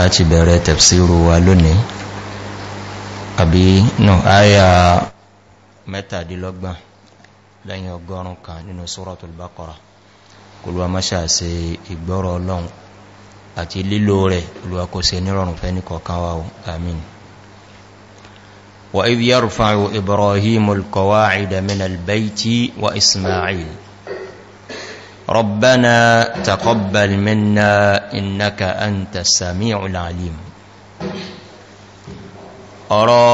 a ti bẹ̀rẹ̀ tẹ̀fṣíru wa lónìí àbí nù áyà mẹ́tàdínlọ́gbọ̀n lẹ́yìn ọgọ́rùn kan nínú suratul baqara olúwa mọ́ṣà sí ìgbọ́rọ̀ ọlọ́run àti lílò rẹ̀ olúwa kò se nírọ̀rùn fẹ́ ní kọ̀ọ̀kan wa amin wa idh yarfa'u ibrahimul qawa'ida minal bayti wa isma'il ربنا تقبل منا إنك أنت السميع العليم أرى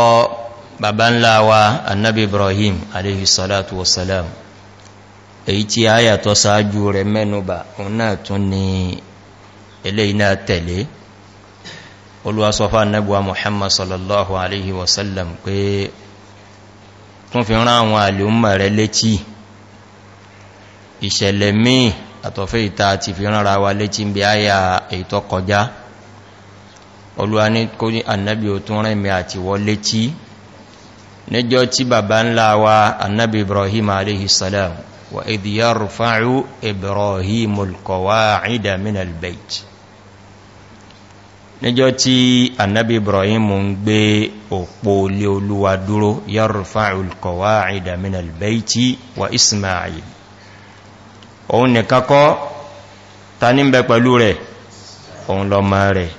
بابا لاوى النبي إبراهيم عليه الصلاة والسلام ايتي آية تساجو رمنبا وناتني إلينا تلي olúwasọ́fà nẹ́gbà muhammad sallallahu alaihi wasallam pé tún fi rán àwọn àlè ìṣẹ̀lẹ̀ míì àtọ̀fẹ́ ìta àti fi ránra wa létí bí áyà ètò kọjá olúwa ní kó ní annabi ò tún rẹ̀ mẹ́ àti wọ létí níjọ́ tí bàbá ńlá wa annabi ibrahim aléhìsàlám wa ìdíyà rufa'u ibrahim olkọwa àìdà minal bait níjọ́ tí annabi ibrahim ń gbé òpó lé olúwa dúró yà rufa'u olkọwa àìdà minal bait wa ismail òun nìkan kọ́ ta ní bẹ pẹ̀lú rẹ̀ òun lọ ma rẹ̀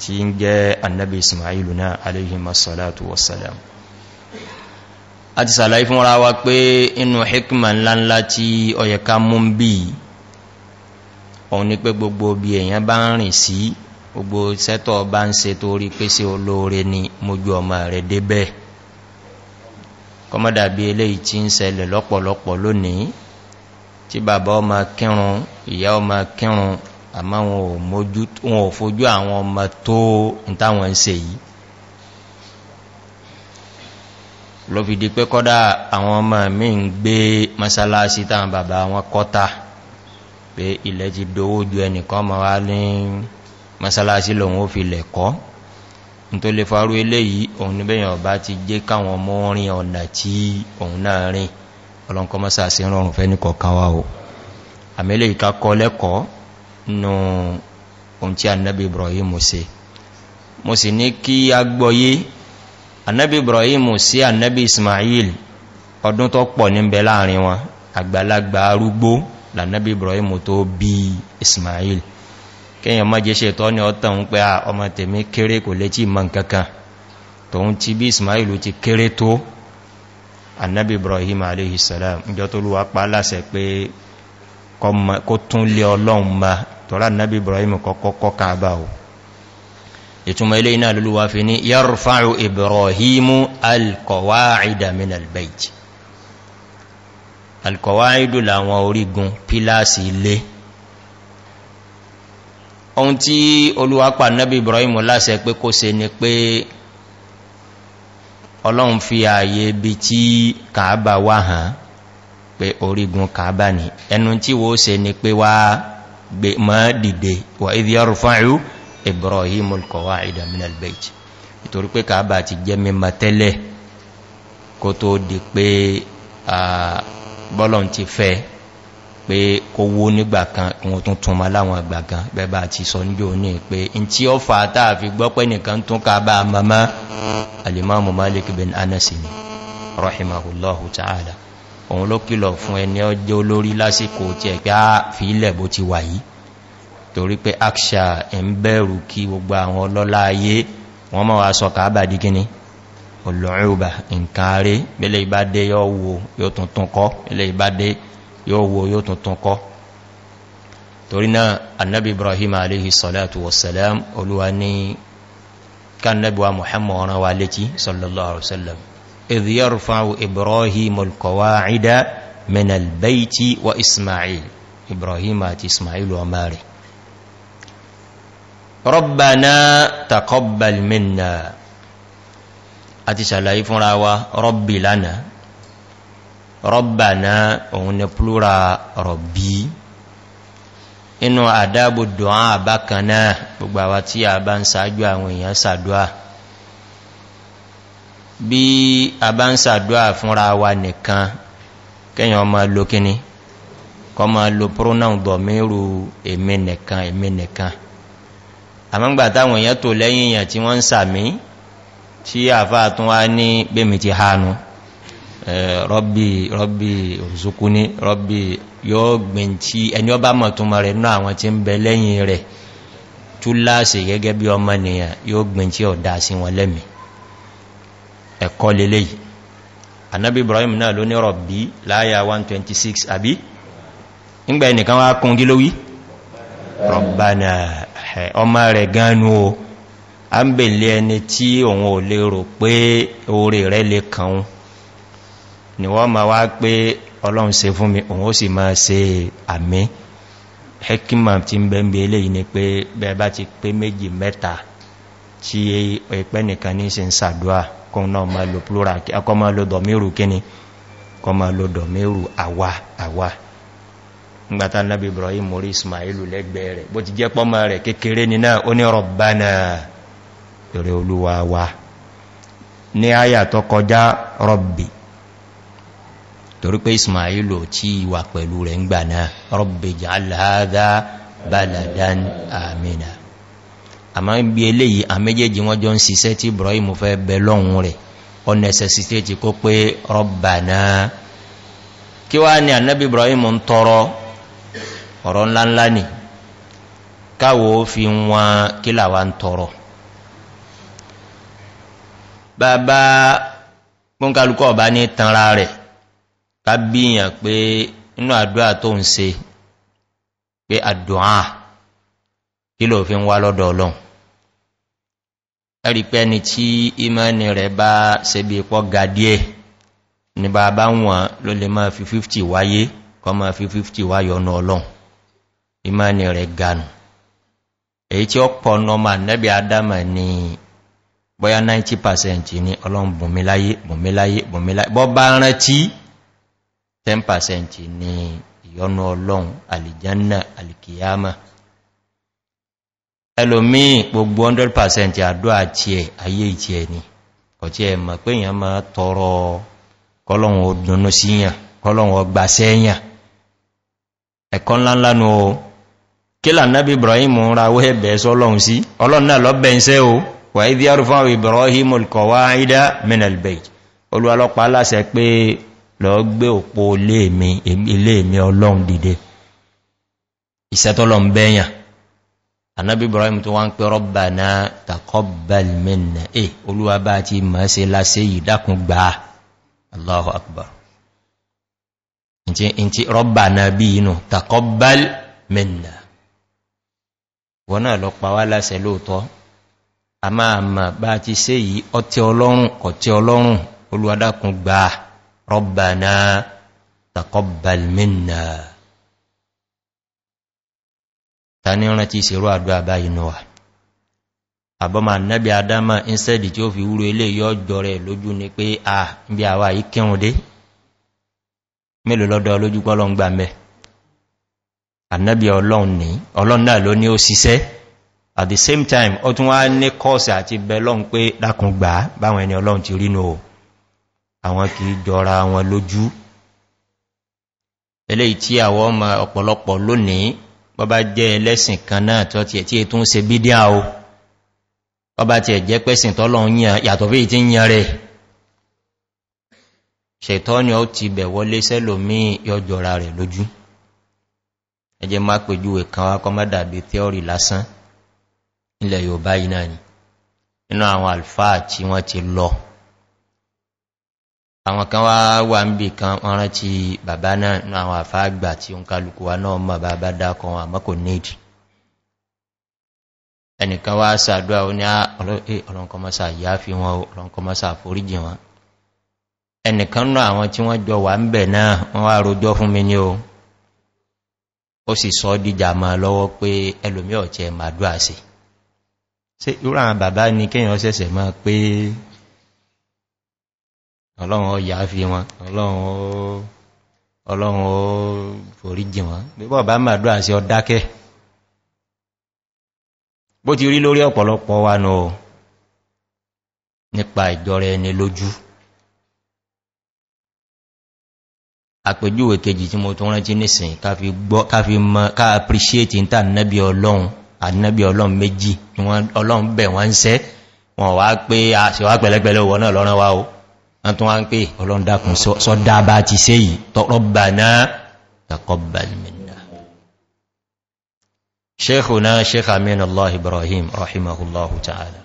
tí ń jẹ́ annabi ismailu náà aléhìmasalatu wasalam a ti sàlàyé fún ra wa pé inú hikma ńláńlá tí ọyẹ̀ká mú ń bí òun ni pé gbogbo bí èyàn bá ń rìn sí gbogbo sẹ́tọ̀ bá ń se torí pé olóore ni mojú ọmọ rẹ̀ débẹ̀ kọmọ́dàbí eléyìí tí ń sẹlẹ̀ lọ́pọ̀lọpọ̀ lónìí tí bàbá ọmọ kírun ìyá ọmọ kírun àmá wọn ò fojú àwọn ọmọ tó ń táwọn ń se yìí ló fi di pé kọ́dá àwọn ọmọ mi ń gbé masalasi táwọn bàbá wọn kọ́ta pé ilẹ̀ ti dówó ju ẹnìkan ma wá ní masalasi lòun ó fi lẹ̀kọ́ tó lè farú eléyìí òun níbẹ̀yàn ọba ti jẹ́ káwọn ọmọ orin ọ̀nà tí òun náà rìn ọlọ́nkọ́ mọ́sá sí rọrùn fẹ́ ní kọ̀ọ̀kan o àmẹ́lẹ̀ ìkákọ́ lẹ́kọ̀ọ́ nù ohun tí annabi ibrahim se mo sì ní kí a gbọ́yé annabi ibrahim sí annabi ismail ọdún tó pọ̀ níbẹ̀ láàrin wọn àgbàlagbà arúgbó lànàbí ibrahim tó bí ismail kíyàn má jẹ́ ṣètọ́ ní ọ̀tàn ń pẹ́ ọmọ tèmi kéré kò lè tí mọ́ nkankan tòun ti bí ismail ti kéré tó annabi ibrahim aleyhisselam ìjọ tó lúwa pa láṣẹ pé kó tún lé ọlọ́run ma tọ́rọ annabi ibrahim kọ́kọ́ kaaba o ìtumọ̀ ilé iná lúwa fi ní yarfa'u ibrahim alkọwa'ida min albayt alkọwa'idu làwọn orígun pílásì ilé ohun tí olúwa pa annabi ibrahim láṣẹ pé kó se ni pé ọlọ́run fi ààyè bí tí kàábà wà hàn pé orígun kàábà ní ẹnu tí wó se ni pé wá gbé mọ́ dìde wà ìdí ọrù fáìrú ibrahim olkọwa idaminal bait ìtorí pé kàábà ti jẹ́ mímọ tẹ́lẹ̀ kó tó di pé kó wó nígbà kan ohun tó túnmọ́ láwọn àgbà kan bẹ́bà ti sọ níjò ní pé in tí ó fa táà fi gbọ́pẹ́ nìkan tún ká bá mamá alimamu malik bin anasi ni rahimahullahu ta'ala òun ló kìlọ̀ fún ẹni ọjọ́ olórí lásìkò tí ẹ̀ pé á fi ilẹ̀ bó ti wà yìí torí pé aksha ẹ̀ ń bẹ̀rù kí gbogbo àwọn ọlọ́lá ayé wọ́n mọ́ wa sọ kàábà dí kíní olóòrùbà nǹkan ààrẹ bẹ́lẹ̀ ìbádé yóò wo yóò tuntun kọ́ bẹ́lẹ̀ ìbádé yóò wo yóò tuntun kọ́ torí náà annabi ibrahim aléhì salatu wasalam olúwa ní kannabi wa muhammad ọ̀rán wa létí sallallahu alaihi wasallam idh yarfa'u ibrahim alqawa'ida min albayti wa isma'il ibrahim àti isma'il wa mari rabbana taqabbal minna àti ṣàlàyé fúnra wa rabbi lánàá rọ́bàná òun ni plúra rọ̀bí inú àdábò dùn àbákaná gbogbo àwá tí a bá ń sáájú àwọn èèyàn sàdúà bí a bá ń sàdúà fúnra wa nìkan kẹyàn ọmọ lo kíní kọ ma lo pronoun dọ̀míru èmì nìkan èmì nìkan àmọ́gbà táwọn èèyàn tó lẹ́yìn èèyàn tí wọ́n ń sàmí tí àfáà tún wá ní gbèmì ti rọ́bí rọ́bí òsùkúní rọ́bí yóò gbìn tí ẹni ọba mọ̀ tó mọ̀ rẹ̀ náà àwọn tí ń bẹ lẹ́yìn rẹ̀ tó láàṣẹ gẹ́gẹ́ bí ọmọ nìyàn yóò gbìn tí ọ̀dá sí wọn lẹ́mì ẹ̀kọ́ lélẹ̀ yìí anábí ibrahim náà ló ni wọ́n ma wá pé ọlọ́run se fún mi òun ó sì máa se àmì hekima ti ń bẹ́m̀bẹ̀ eléyìí ni pé bẹ́ẹ̀bá ti pé méjì mẹ́ta tí ẹ̀pẹ́ nìkan ní sí ń sàdúà kọ́ náà ma lo plural akọ́ ma lo dọ̀míru kíni kọ́ ma lo dọ̀míru àwà àwà ngbàtà náà ibrahim mori ismailu lẹ́gbẹ̀ẹ́ rẹ̀ bó ti jẹ́ pọ́mọ rẹ̀ kékeré ní ó ní rọ̀bánà èrè olúwa wa ní àyà kọjá rọ̀bì torí pé ismailu tí wà pẹ̀lú rẹ̀ ń gbà náà rọ́bì jẹ́ baladan amina a ma ń bí eléyìí a wọ́n jọ ń siṣẹ́ tí ibrahim fẹ́ bẹ lọ́hun rẹ̀ ọ nẹ́sẹsítẹ́ ti kó pé rọ́bà náà kí wá ní annabi ibrahim ń tọrọ ọ̀rọ̀ ńláńlá ni káwò fi wọn kí làwà ń tọrọ bàbá pọ́nkálukọ́ ọ̀bá ní tanra rẹ̀ ká bíyàn pé inú àdúrà tó ń se pé àdúrà kí ló fi ń wá lọ́dọ̀ ọlọ́run ẹ̀rí pé ni tí ìmọ́ni rẹ̀ bá se bí pọ́ ga díẹ̀ ní bá bá wọn ló lè máa fi 50 wáyé kọ máa fi 50 wáyọ̀ ọ̀nà ọlọ́run ìmọ́ni rẹ̀ ganù èyí tí ó pọ̀ nọmà nẹ́bí adama ni bọ́yá 90% ní ọlọ́run bùnmíláyé bùnmíláyé bùnmíláyé bọ́ bá rántí 10% ni ìyọnu ọlọ́run alìjánà alìkìyàmà ẹlòmí gbogbo 100% àdúrà àti ẹ̀ ayé ìtì ẹ̀ ni ọ̀tí ẹ̀ mọ̀ pé èyàn máa tọrọ kọlọ́run ọdúnnú síyàn kọlọ́run ọgbà sẹ́yàn ẹ̀kọ́ ńláńlánú o kí lànábí ibrahim ń ra owó ẹ̀bẹ̀ sọ́lọ́run sí ọlọ́run náà lọ́bẹ̀ lọ gbé òpó ilé mi ọlọ́run dìde ìṣẹ́tọ́lọ́n bẹ́yàn anábí ibrahim tó wá ń pẹ́ rọ́bà náà takọ́bàlmẹ́nà e eh, olúwa bá ti mọ̀ sí lásẹ́ yìí dákùn gbà allahu akbar inti rọ́bà náà bí inú takọ́bàlmẹ́nà wọ́n náà lọ pa wá lásẹ̀ lóòtọ́ a máa mọ̀ bá ti sé yìí ọtí ọlọ́run kọ̀tí ọlọ́run olúwa dákùn gbàá ربنا تقبل منا tani ọ̀nà tí ìṣèrò àdó àbá inú wa àbọ́mà nẹ́bí adama instead tí ó fi wúrò ilé yóò jọ rẹ̀ lójú ni pé a bí àwà yìí kírùn dé mélòó lọ́dọ̀ lójú pọ́lọ gbà mẹ́ ànẹ́bí ọlọ́run náà ló ní ó ṣiṣẹ́ at the same time ó tún wá ní kọ́ọ̀sì àti bẹ́lọ́n pé àwọn kì í jọra wọn lójú eléyìí tí àwọn ọmọ ọ̀pọ̀lọpọ̀ lónìí bọ́bá jẹ́ ẹlẹ́sìn kan náà tó ti ẹ̀tí ètò ń se bídíà o bọ́bá ti ẹ̀jẹ́ pẹ́sìn tọ́lọ yàtọ̀ bí ìtí yàn rẹ̀ ṣètọ́ ni ó ti bẹ̀ wọlé ni inú àwọn alfáà tí wọ́n ti lọ àwọn kan wá wà ń bí kan ọ̀rán ti bàbá náà ní àwọn àfáàgbà tí ó ń kálùkù wa náà mọ̀ bàbá dákan àmọ́kò nèdì ẹnìkan wá sàdúwà ó ní ah, ọlọ́nkọmọ́sà eh, yá fi wọn ọlọ́nkọmọ́sà foríjì wọn ẹnìkan náà àwọn tí wọ́n jọ wà ń bẹ̀ náà wọ́n wá rojọ́ fún mi ní o ó sì sọ dìjà máa lọ́wọ́ pé ẹlòmí ọ̀tẹ̀ màdúà sí irú àwọn bàbá ní kéèyàn sẹ́sẹ̀ máa pé ọlọ́run ó yà fi wọn ọlọ́run ó forí jì wọn bíbọ̀ bá máa dúrà sí ọdákẹ́ bó ti rí lórí ọ̀pọ̀lọpọ̀ wa nù nípa ìjọra ẹni lójú àpèjúwe kejì tí mo tó rántí nìsìn káfí mọ́ ká appreciate ní tàbí ọlọ́run ànábí ọlọ́run méjì ọlọ́run bẹ̀ wọ́n ń sẹ́ wọ́n wá pé àṣíwá pẹ̀lẹ́pẹ̀lẹ́ òwò náà lọ́rán wá o àtún wá ń pè ọlọ́ndàkùn sọ́dá bá ti sé yìí tọ́rọ bà náà takọ́bàl ṣeéhù náà ṣeéhà mìnà allah ibrahim rahimahullahu ta'ala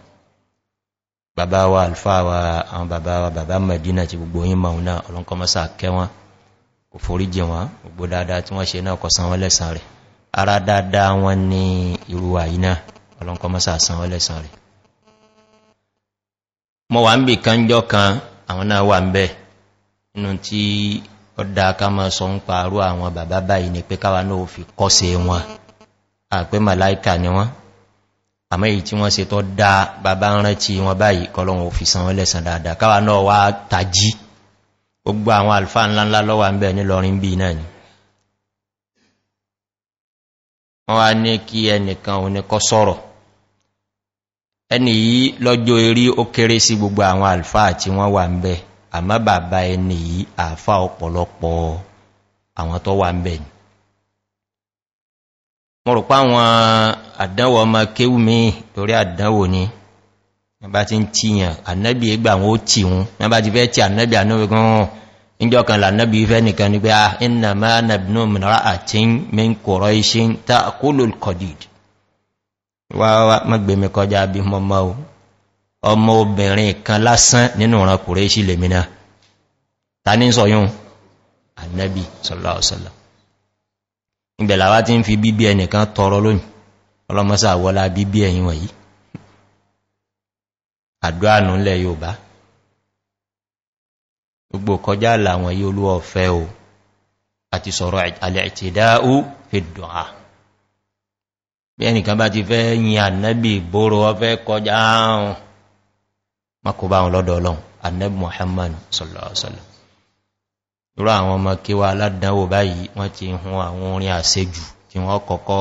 bàbá wa alfáwa àwọn bàbá wa bàbá madina ti gbogbo yí ma náà ọlọ́nkọmọ́sá kẹwọn kò forí jẹ wọn gbogbo dáadáa tí wọ́n ṣe náà kọ sanwọ́ lẹ́sàn rẹ̀ ara dáadáa wọn ní irúwà yìí náà ọlọ́nkọmọ́sá sanwọ́ lẹ́sàn rẹ̀ mọ̀ wà ń bì kan jọ kan àwọn náà wà ń bẹ́ inú tí ọdá ká mọ́ sọ ń pàárú àwọn bàbá báyìí ni pé káwà náà fi kọ́sẹ̀ wọn àpé màláìkà ni wọ́n àmọ́ èyí tí wọ́n se tọ́ dá bàbá rántí wọn báyìí kọlọ́wọ́n fi san lẹ́sàn dáadáa káwà ni wọ́n wá ní kí ẹni yìí lọ́jọ́ erí ó kéré sí gbogbo àwọn alfa tí wọ́n wà ń bẹ àmá bàbá ẹni yìí àfá ọ̀pọ̀lọpọ̀ àwọn tó wà ń bẹ ni wọ́n rò pá àwọn àdánwò ọmọ kéwù mí torí àdánwò ni nígbà tí ń tíyàn ànẹ́bì ẹgbà àwọn ó tì wọn nígbà ti fẹ́ tí ànẹ́bì ànẹ́bì gan hàn níjọ́ kan lànẹ́bì ìfẹ́ nìkan ni pé a iná máa nàbínú mìíràn àti mẹ́kọ̀ọ́rọ̀ iṣẹ́ tá kólòlù kọ̀dìdì wá mọ́gbẹ̀mí kọjá bí mọ́mọ́ o ọmọ obìnrin kan lásán nínú ọ̀ràn kùrẹ́ sí lèmìnà ta ní sọ yún annabi sọ́lọ́ọ̀sọ́lọ́ ìgbẹ̀láwá tí ń fi bíbí ẹnìkan tọrọ lóyìn ọlọ́mọ́sà wọ́lá bíbí ẹ̀yìn wọ̀nyí àdúránù lẹ̀ yóòbá gbogbo kọjá làwọn yí olúọ̀fẹ́ o àti sọ̀rọ̀ alẹ́ ìtìdáú fi dùn bí ẹnìkan bá ti fẹ́ yin annabi ìgboro ọfẹ́ kọjá ahun makọba àwọn lọ́dọ̀ ọlọ́run annabi muhammad sọ̀lọ̀ọ̀sọ̀lọ̀ irú àwọn ọmọ kíwà aládánwò báyìí wọ́n ti hun àwọn orin àṣejù tí wọ́n kọ̀kọ́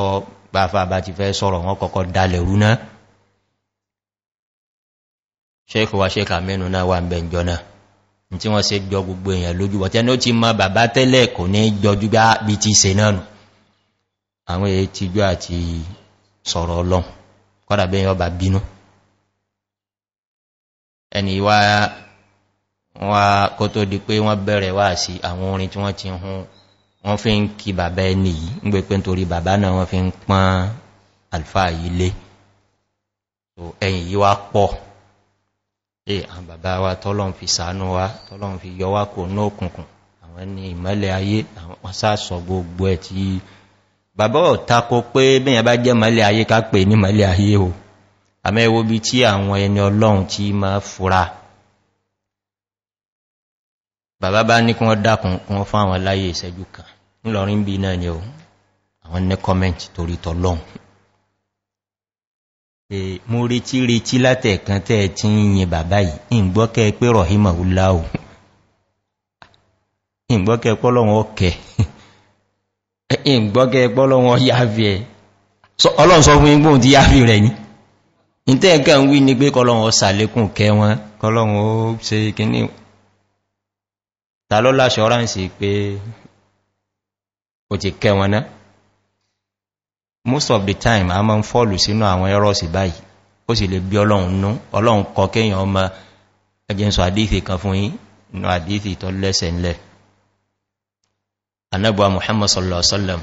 gbáfà bá ti fẹ́ sọ̀rọ̀ wọ́n kọ̀kọ́ dalẹ̀ rúná wa ṣẹ́kà mẹ́nu náà wà ń bẹ̀ jọ náà tí wọ́n se jọ gbogbo èèyàn lójú wọ́n tẹ́ni ó àwọn èyí ti jọ àti sọ̀rọ̀ ọlọ́run kọ́dà bẹ́yìn ọba bínú ẹni wá kó tó di pé wọ́n bẹ̀rẹ̀ wá sí àwọn orin tí wọ́n ti hun wọ́n fi ń kí bàbá ẹni yìí ń gbé pé nítorí bàbá náà wọ́n fi ń pán alfa yìí lé ẹ̀yìn yìí wá pọ̀ ẹ̀ àwọn bàbá wa tọ́lọ́n fi sàánú wa tọ́lọ́n fi yọ wá kò náà kùnkùn àwọn ẹni ìmọ́lẹ̀ ayé àwọn sáàsọ gbogbo ẹ̀ tí bàbá ọ̀tako pé bẹ́yàn bá jẹ́ mọ́lẹ̀ ayé ká pè ní mọ́lẹ̀ ayé o àmẹ́wó bí tí àwọn ẹni ọlọ́run tí ma fura bàbá bá ní kí wọ́n dákùn kún fún àwọn láyé ìṣẹ́jú kan nílọrin bí náà ni o àwọn ní kọ́mẹ́ntì torí tọ́lọ́run mo retí retí látẹ̀ẹ̀kan ẹ̀yìn gbọ́gẹ́ gbọ́lọ́wọ́ yáfi ẹ̀ ọlọ́run sọ fún igbóhun ti yáfi rẹ̀ ní ìtẹ́ ẹ̀kẹ́ ń wí ní pé kọlọ́run ọ̀sàlékùn kẹ wọn kọlọ́run ó ṣe kíní tàlọ́lá ṣọ́ránsì pé o ti kẹ wọn náà most of the time a máa ń fọ́ọ̀lù sínú àwọn ẹrọ́sì báyìí ó sì lè bí ọlọ́run nú ọlọ́run kọ kéèyàn ọmọ ẹjẹ́ sọ àdífì kan fún yí nù àdífì tó anábuwa muhammad sallallahu ala'uwasallam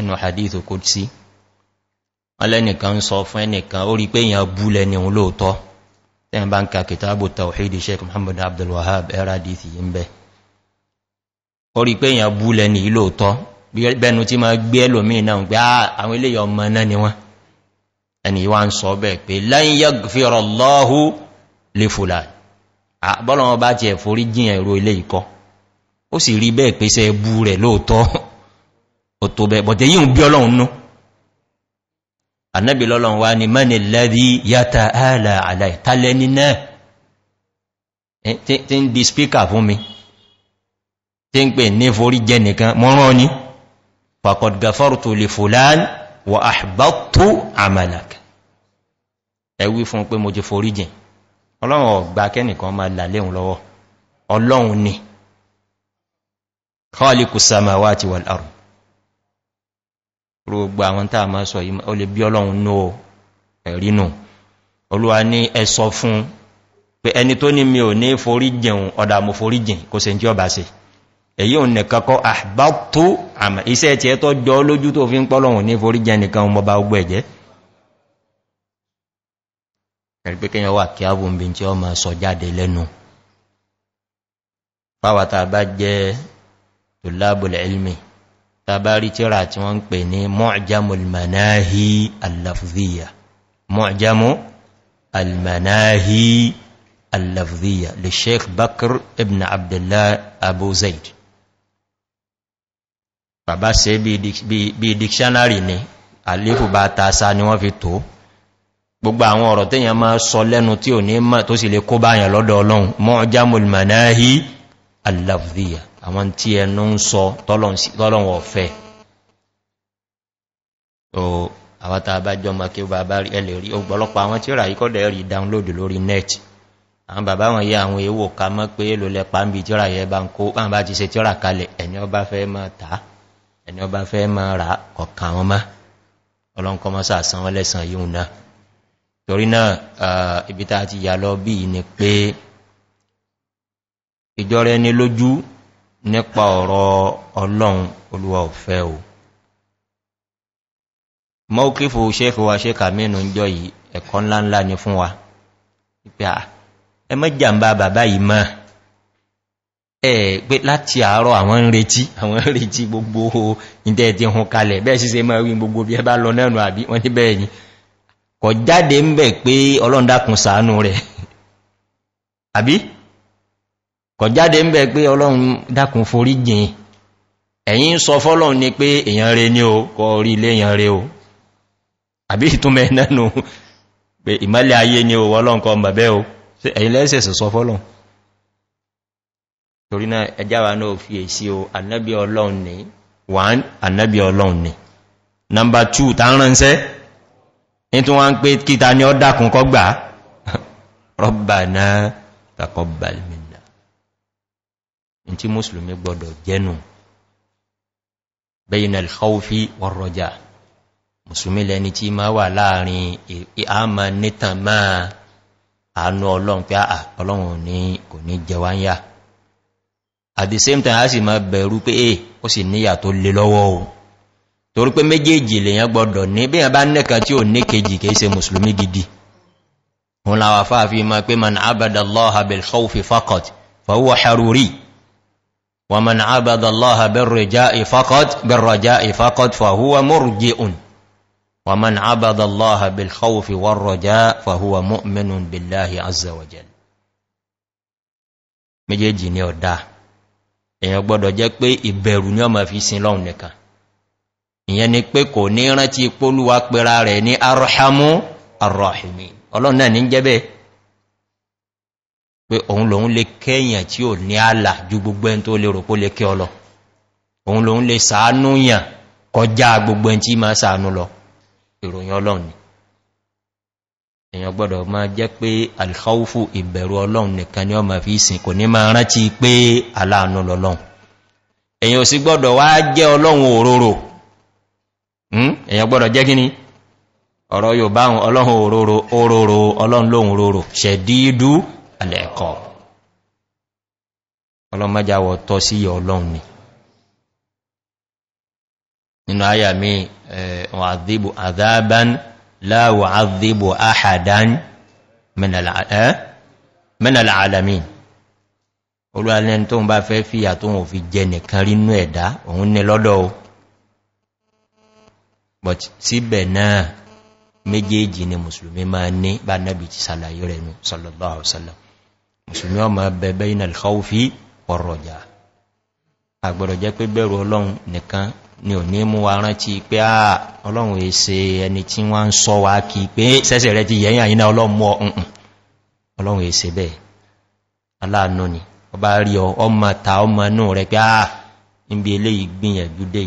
inú hadithu kò sí alẹ́nìkan sọ fún ẹnìkan ó rí pé èyàn búlẹ̀ ní òun lóòtọ́ tẹ́yìn bá ń ka kìtàbù tawhidi sheik muhammad abdulwahab eradithi yí ń bẹ́ ó rí pé èyàn búlẹ̀ ní ìlóòtọ́ bẹ́nu tí ma gbé ẹlòmíì náà gbá ah, àwọn ilé ń sọ bẹ́ẹ̀ ilé ó sì rí bẹ́ẹ̀ pèsè ẹbú rẹ̀ lóòtọ́ òtò bẹ̀ bọ̀tẹ̀ yíò bí ọlọ́run nú annabi lọ́lọ́run wá ní mẹ́ni lẹ́rí yàtà ààlà àlà ìtàlẹ́ ní náà tí ń di spíkà fún mi tí ń pè ní forí jẹ nìkan mọ́rán ní pàkọ̀d gafartu lè fòlán wà àbátó àmàlàk ẹwí fún pé mo ti forí jẹ ọlọ́run ọ̀gbà kẹ́nìkan máa làlẹ́ ọlọ́run ni kọ́ọ̀lìkù samawati wal arù rúgbà àwọn tàà máa sọ yìí o lè bí ọlọ́run ní o ẹ̀rínù olúwa ní ẹsọ fún pé ẹni tó ní mi ò ní forí jẹun ọ̀dà mo forí jìn kó se jí ọba se èyí ò nẹ̀ kankọ́ àbátó àmà iṣẹ́ ti ẹ́ tọ́ jọ lójú tó fi ń pọ́lọ̀hùn ní forí jẹ nìkan ọmọ bá ẹ̀jẹ́ fáwàtà bá jẹ́ tulabul ilmi tabari tira tí wọ́n ń pè ní mu'jamul manahi al-lafziya mu'jamu al-manahi al-lafziya li sheikh bakr ibn abdullah abu zaid bàbá se bí dictionary ni alifu bá tasa ni wọ́n fi tó gbogbo àwọn ọ̀rọ̀ tẹ́yàn máa sọ lẹ́nu tí ò ní mọ̀ tó sì lè kó báyàn lọ́dọ̀ ọlọ́run mu'jamul manahi al àwọn tí ẹnu ń sọ tọ́lọ̀wọ̀ fẹ́ o àwátà àbájọ́ ma kí o bàbá rí ẹlẹ̀ rí ọgbọ̀lọpọ̀ àwọn tí ó rà yíkọ́ dẹ̀ rí download lórí net àwọn bàbá wọn yí àwọn èwò ká mọ́ pé ló lẹ pàmbì tí ó rà yẹ bá ń kó bá ń bá ti se tí ó rà kalẹ̀ ẹni ọba fẹ́ mọ́ ta ẹni ọba fẹ́ mọ́ rà kọ̀ọ̀ká wọn mọ́ ọlọ́nkọ́ mọ́ sàsán wọn lẹ́sàn yíò náà torí nípa ọ̀rọ̀ ọlọ́run olúwa òfẹ́ o mọ́kífò ṣéfò wa ṣe kàmínú jọ yìí ẹ̀kọ́ ńláńlá ni fún wa pípẹ́ à ẹ mẹ́jà ń bá bàbá yìí mọ́ ẹ̀ pé láti àárọ̀ àwọn ń retí àwọn ń retí gbogbo ìdẹ́ ti hun kalẹ̀ bẹ́ẹ̀ sí se máa gbogbo bí ẹ bá lọ nẹ́nu àbí wọ́n ti bẹ́ẹ̀ ni kọ̀ jáde ń bẹ̀ pé ọlọ́ndàkùn sàánú rẹ̀ àbí kọjáde ń bẹ̀ pé ọlọ́run dákun forí jìn ẹ̀yìn sọ fọ́lọ́run ni pé èyàn rẹ ní o kọ orí ilé èyàn rẹ o àbí ìtúnmẹ̀ nánú pé ìmọ́lẹ̀ ayé ni o ọlọ́run kọ mọ̀bẹ́ o ẹ̀yìn lẹ́sẹ̀sẹ̀ sọ fọ́lọ́run torí náà ẹjá wa number 2 ta ń ránṣẹ́ nítorí wọ́n ń pé kíta ni in ti musulmi gbọdọ̀ jẹnu bẹ́yìn alkhaufi warroja musulmi lẹni tí ma wà láàrin ìhàmà e, nítàn máa àánú ọlọ́run pé àà ọlọ́run ní kò ní jẹwáyà at the same time a sì ma bẹ̀rú pé e ó sì níyà tó lè lọ́wọ́ o torí pé méjèèjì lèyàn gbọdọ̀ ní bí yàn bá nẹ́ka tí ò ní kejì kìí se musulmi gidi wọn láwà fáàfí ma pé man abadallah abel khaufi fakot fawọ́ haruri ومن عبد الله بالرجاء فقط بالرجاء فقط فهو مرجئ ومن عبد الله بالخوف والرجاء فهو مؤمن بالله عز وجل méjèèjì ni ọ̀dá èyàn gbọ́dọ̀ jẹ́ pé ìbẹ̀rù ní ọmọ fi sin lọ́un nìkan ìyẹn ni pé kò ní rántí polúwa pẹ̀ra rẹ̀ ní arọ́hámú arọ́hìmí ọlọ́nà ní jẹ́bẹ̀ẹ́ pé òun lòun lè kẹ́yàn tí ò ní àlà ju gbogbo ẹn tó lè rò kó lè kẹ́ ọ lọ òun lòun lè sàánú yàn kọjá gbogbo ẹn tí máa sàánú lọ ìròyìn ọlọ́run ni èyàn gbọ́dọ̀ máa jẹ́ pé alkhaufu ìbẹ̀rù ọlọ́run nìkan ni ọ ma fi sìn kò ní máa rántí pé aláàánú lọ́lọ́run èyàn ò gbọ́dọ̀ wá jẹ́ ọlọ́run òróró hmm? èyàn gbọ́dọ̀ jẹ́ kíní ọ̀rọ̀ yóò báhùn ọlọ́run òróró ọlọ́run lóhun òróró ṣẹ̀dídú alẹ́ẹ̀kọ́ ọlọ́mọ́jáwọ̀ tọ́ sí ọlọ́run ni nínú àyà mi wàdíbò àdábán láwọ̀ àdíbò àhàdán mẹ́nàlá alàmì olúwalẹ́ni tó ń bá fẹ́ fíyà tó wọ́n fi jẹ nìkan rínú ẹ̀dá òun ní lọ́dọ̀ o but síbẹ̀ náà méjèèjì ni musulmi máa ní bá nábi ti sàlàyé rẹ̀ nù sọ́lọ̀lọ́ mùsùlùmí ọmọ bẹ̀bẹ̀ iná ìkọ́wọ́fí ọ̀rọ̀jà àgbọ̀rọ̀ jẹ́ pé bẹ̀rù ọlọ́run nìkan ni ò ní mú wa rántí pé á ọlọ́run èsè ẹni tí wọ́n ń sọ wá kí pé sẹ́sẹ̀ rẹ ti yẹ̀yìn àyíná ọlọ́run èsè bẹ́ẹ̀ aláàánú ni ọba rí ọmọ ta ọmọ inú rẹ pé á níbi eléyìí gbìyànjú dé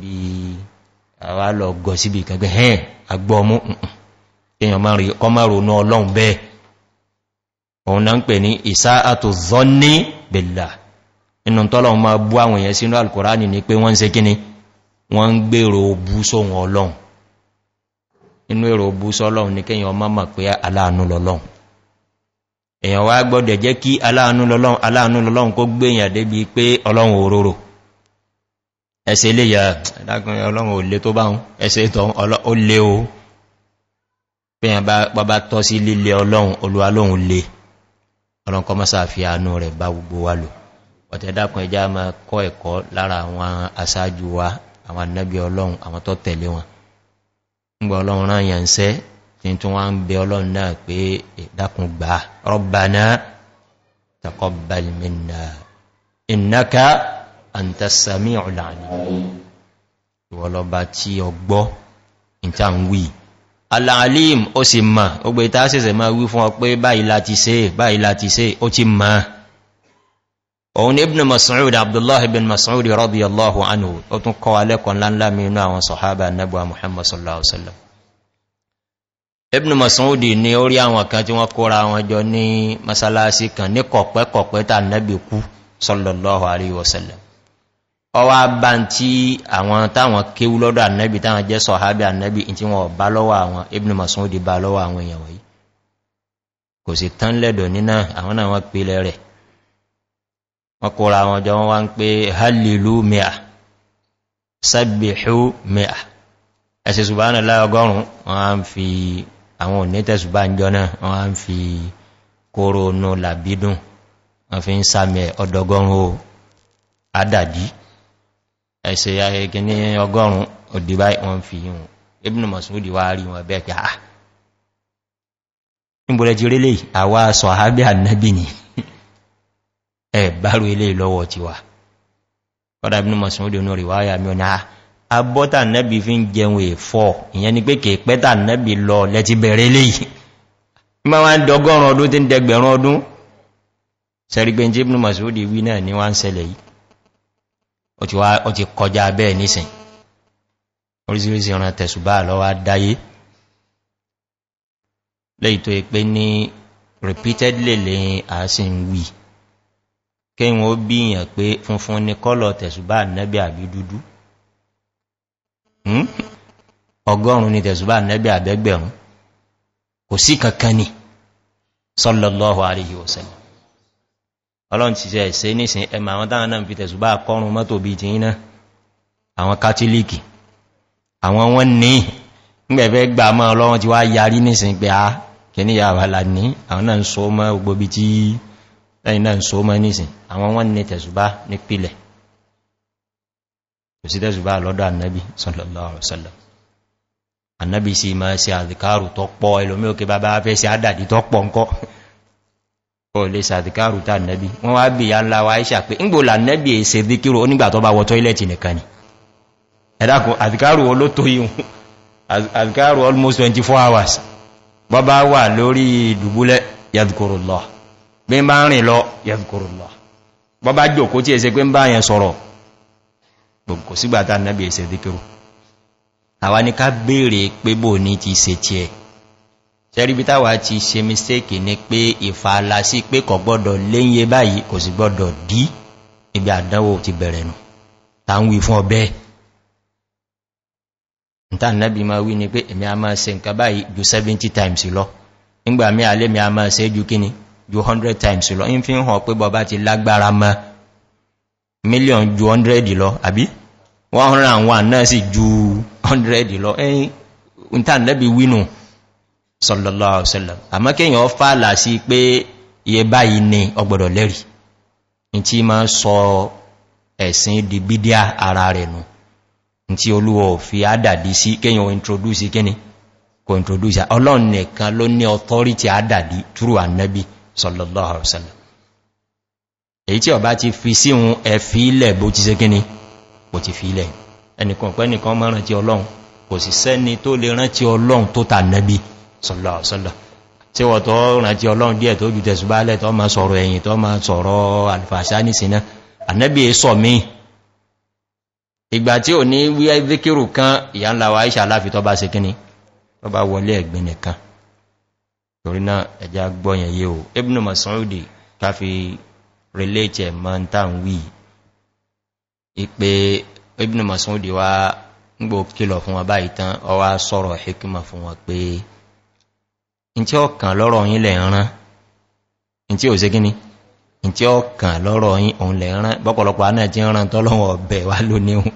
bí àwa gọ̀ síbi kẹgbẹ́ hẹ́n agbọ́mú nǹkan èyàn máa rí kọ máa ronú ọlọ́run bẹ́ẹ̀ òun náà ń pè ní ìsá àtò zọ́ní bèlà inú tọ́lọ̀un máa bú àwọn èèyàn sínú alkùránì ní pé wọ́n ń se kíní wọ́n ń gbèrò bú sóhun ọlọ́run inú èrò bú sọ́lọ́run ní kíyàn ọmọ mọ̀ pé aláàánú lọ́lọ́run èèyàn wá gbọ́dẹ̀ jẹ́ kí aláàánú lọ́lọ́run kó gbéyàn débi pé ọlọ́run òróró ẹsẹ̀ ilé yà ọlọ́run ò le tó báhun ẹsẹ̀ ìtọ̀ ó le o pèyàn bàbá tọ́ sí lílé ọlọ́run olúwalóhun lè ọlọ́nkọ́ mọ́sá fi àánú rẹ̀ bá gbogbo wa lò ọ̀tẹ̀dàkùn ẹjá ma kọ́ ẹ̀kọ́ lára àwọn asájú wa àwọn annabi ọlọ́run àwọn tọ́ tẹ̀lé wọn ngbà ọlọ́run rán yà ń sẹ́ tí tún wá ń bẹ ọlọ́run náà ọgbọ́ ìta ń wíì aláàlìm ó sì mọ̀ ó gbé ìta sẹ̀sẹ̀ máa wí fún ọ pé báyìí láti ṣe báyìí láti ṣe ó ti mọ̀ òun ibn masoud abdullah ibn masoud radiyallahu anhu ó tún kọ́ alẹ́kọ̀ọ́ ńláńlá mìínú àwọn sọ̀hábà nẹ́bọ̀ muhammad sallallahu alaihi wasallam ibn masoud ni ó rí àwọn kan tí wọ́n kóra wọn jọ ní masalasi kan ní kọ̀pẹ́kọ̀pẹ́ tà nẹ́bì kú sallallahu alaihi wasallam ọwá bá ń tí àwọn táwọn kéwú lọ́dọ̀ annabi táwọn jẹ́ sọ̀hábí annabi tí wọ́n bá lọ́wọ́ àwọn ibn masoud bá lọ́wọ́ àwọn èèyàn wọ̀nyí kò sì tán lẹ́dọ̀ nínà àwọn náà wọ́n pèlẹ̀ rẹ̀ wọ́n kóra àwọn jọ wọ́n wá ń pé hallilu mea sabbihu mea ẹsẹ̀ ẹ̀ṣẹ̀ ayẹgẹ ní ọgọ́rùn òdìbá wọn fi yíò ibn masudi wá rí wọn bẹ́ẹ̀ pé àà ah, níbúrẹ̀ jí orílẹ̀ àwọ́ aṣọ àábí ànábì ni ẹ bárú ilé lọ́wọ́ ti wà kọ́dá ibn masudi ní ríwáyà mi ọ̀nà ah, abọ́ta ànábì fi ń jẹun èfọ́ ìyẹn ni pé kèèpẹ́ta ànábì lọ lẹ́ti bẹ̀rẹ̀ eléyìí ma wá ń dọgọ́rùn ọdún tí ń dẹgbẹ̀rún ọdún sẹ́rígbẹ̀ jí ibn masudi wí náà ni wá ń sẹlẹ̀ yìí ó ti kọjá bẹ́ẹ̀ nísìn orísìírísìí ọ̀ràn tẹ̀sùbá lọ́wọ́ dáyé lẹ́yìn tó pé ní repeatedly lè àásìn wì kí wọ́n bíyàn pé funfun ní kọ́lọ̀ tẹ̀sùbá nẹ́bẹ̀ àbí dúdú hmm? ọgọ́rùn ni tẹ̀sùbá nẹ́bẹ̀ àbẹ́gbẹ̀rún kò sí kankan ni sọ́lọ́lọ́wọ́ àríyí òsẹ̀lẹ̀ ọlọ́run ti ṣe ẹ̀ṣẹ́ nísìn ẹmà àwọn táwọn náà fi tẹ̀sù bá kọrùn mọ́tò bí ti iná àwọn katoliki àwọn wọn ní gbẹ̀fẹ́ gbà mọ́ ọlọ́run ti wá yarí nísìn pé a kìíní yàwà là ní àwọn náà ń so mọ́ gbogbo bí tí lẹ́yìn náà ń so mọ́ nísìn àwọn wọn ní tẹ̀sù bá ní pìlẹ̀ kò sí tẹ̀sù bá lọ́dọ̀ annabi sallallahu alaihi wasallam annabi sì máa ṣe àdìkárù tọ́pọ̀ ẹlòmí òkè bàbá fẹ́ ṣe àdàdì tọ́pọ̀ nǹkan ọ̀lẹ́ sàdìkárù tàà nẹ́bí wọ́n wá bí ya ńlá wa iṣà pé ń gbòlà nẹ́bí èsè díkírò onígbà tó bá wọ tọ́ílẹ̀tì nìkan ni ẹ̀dàkùn àdìkárù olótó hours bọ́ bá wà lórí ìdùbúlẹ̀ yàdìkòròlọ́ bí bá rìn lọ yàdìkòròlọ́ bọ́ bá jòkó tí èsè pé ń bá yẹn sọ̀rọ̀ gbogbo sígbà tàà ni ká béèrè pé ní ti ṣe tiẹ̀ tẹ́ríbítà wà ti ṣe mistake ní pé ìfààlà sí pé kọ̀ gbọ́dọ̀ léyìn báyìí kò sì gbọ́dọ̀ dí ibi àdánwò ti bẹ̀rẹ̀ nù tàwọn fún ọbẹ̀ ìta nẹ́bí ma wí ni pé èmi a máa se nǹkan báyìí ju 70 times lọ nígbà mí alé mi a máa se ju kíni ju 100 times lọ in fi ń hàn pé bọ̀bá ti lágbára mọ́ mílíọ̀n ju 100 lọ àbí 101 náà sì ju 100 lọ ẹ̀yìn ìta nẹ́bí wínú sallallahu alaihi wasallam àmọ́ kéèyàn fààlà sí pé iye báyìí ni ọgbọ̀dọ̀ lẹ́rì in tí ma sọ ẹ̀sìn di bídíà ara rẹ̀ nù in tí olúwọ̀ fi ádàdí sí kéèyàn introduce kíni kò introduce ọlọ́run nìkan ló ní authority ádàdí turu annabi sallallahu alaihi wasallam èyí tí ọba ti fi síhun ẹ̀fí ilẹ̀ bó ti sé kíni bó ti fi ilẹ̀ ẹnìkan pẹ́ nìkan mọ́ràn ti ọlọ́run kò sì sẹ́ni tó lè rántí ọlọ́run tó tà nẹ́bí sọ̀lọ̀sọ̀lọ̀ tí wọ́n tọ́ rántí ọlọ́run díẹ̀ tó jù tẹ̀sùbálẹ̀ tó ma sọ̀rọ̀ ẹ̀yìn tó ma sọ̀rọ̀ alfàṣà nìsìnà ànẹ́bí sọ míì ìgbà tí ò ní wí ẹ́díkìrù kan ìyá ńlá wa iṣẹ́ aláfi tọ́ wa ń hikima fún wọn pé in tí lọ́rọ̀ yín lẹ̀ rán in tí ṣe gíní in tí lọ́rọ̀ yín òun lẹ̀ rán bọ́pọ̀lọpọ̀ aná tí ń rán tọ́lọ́wọ̀ ọ̀bẹ̀ wá lóníhun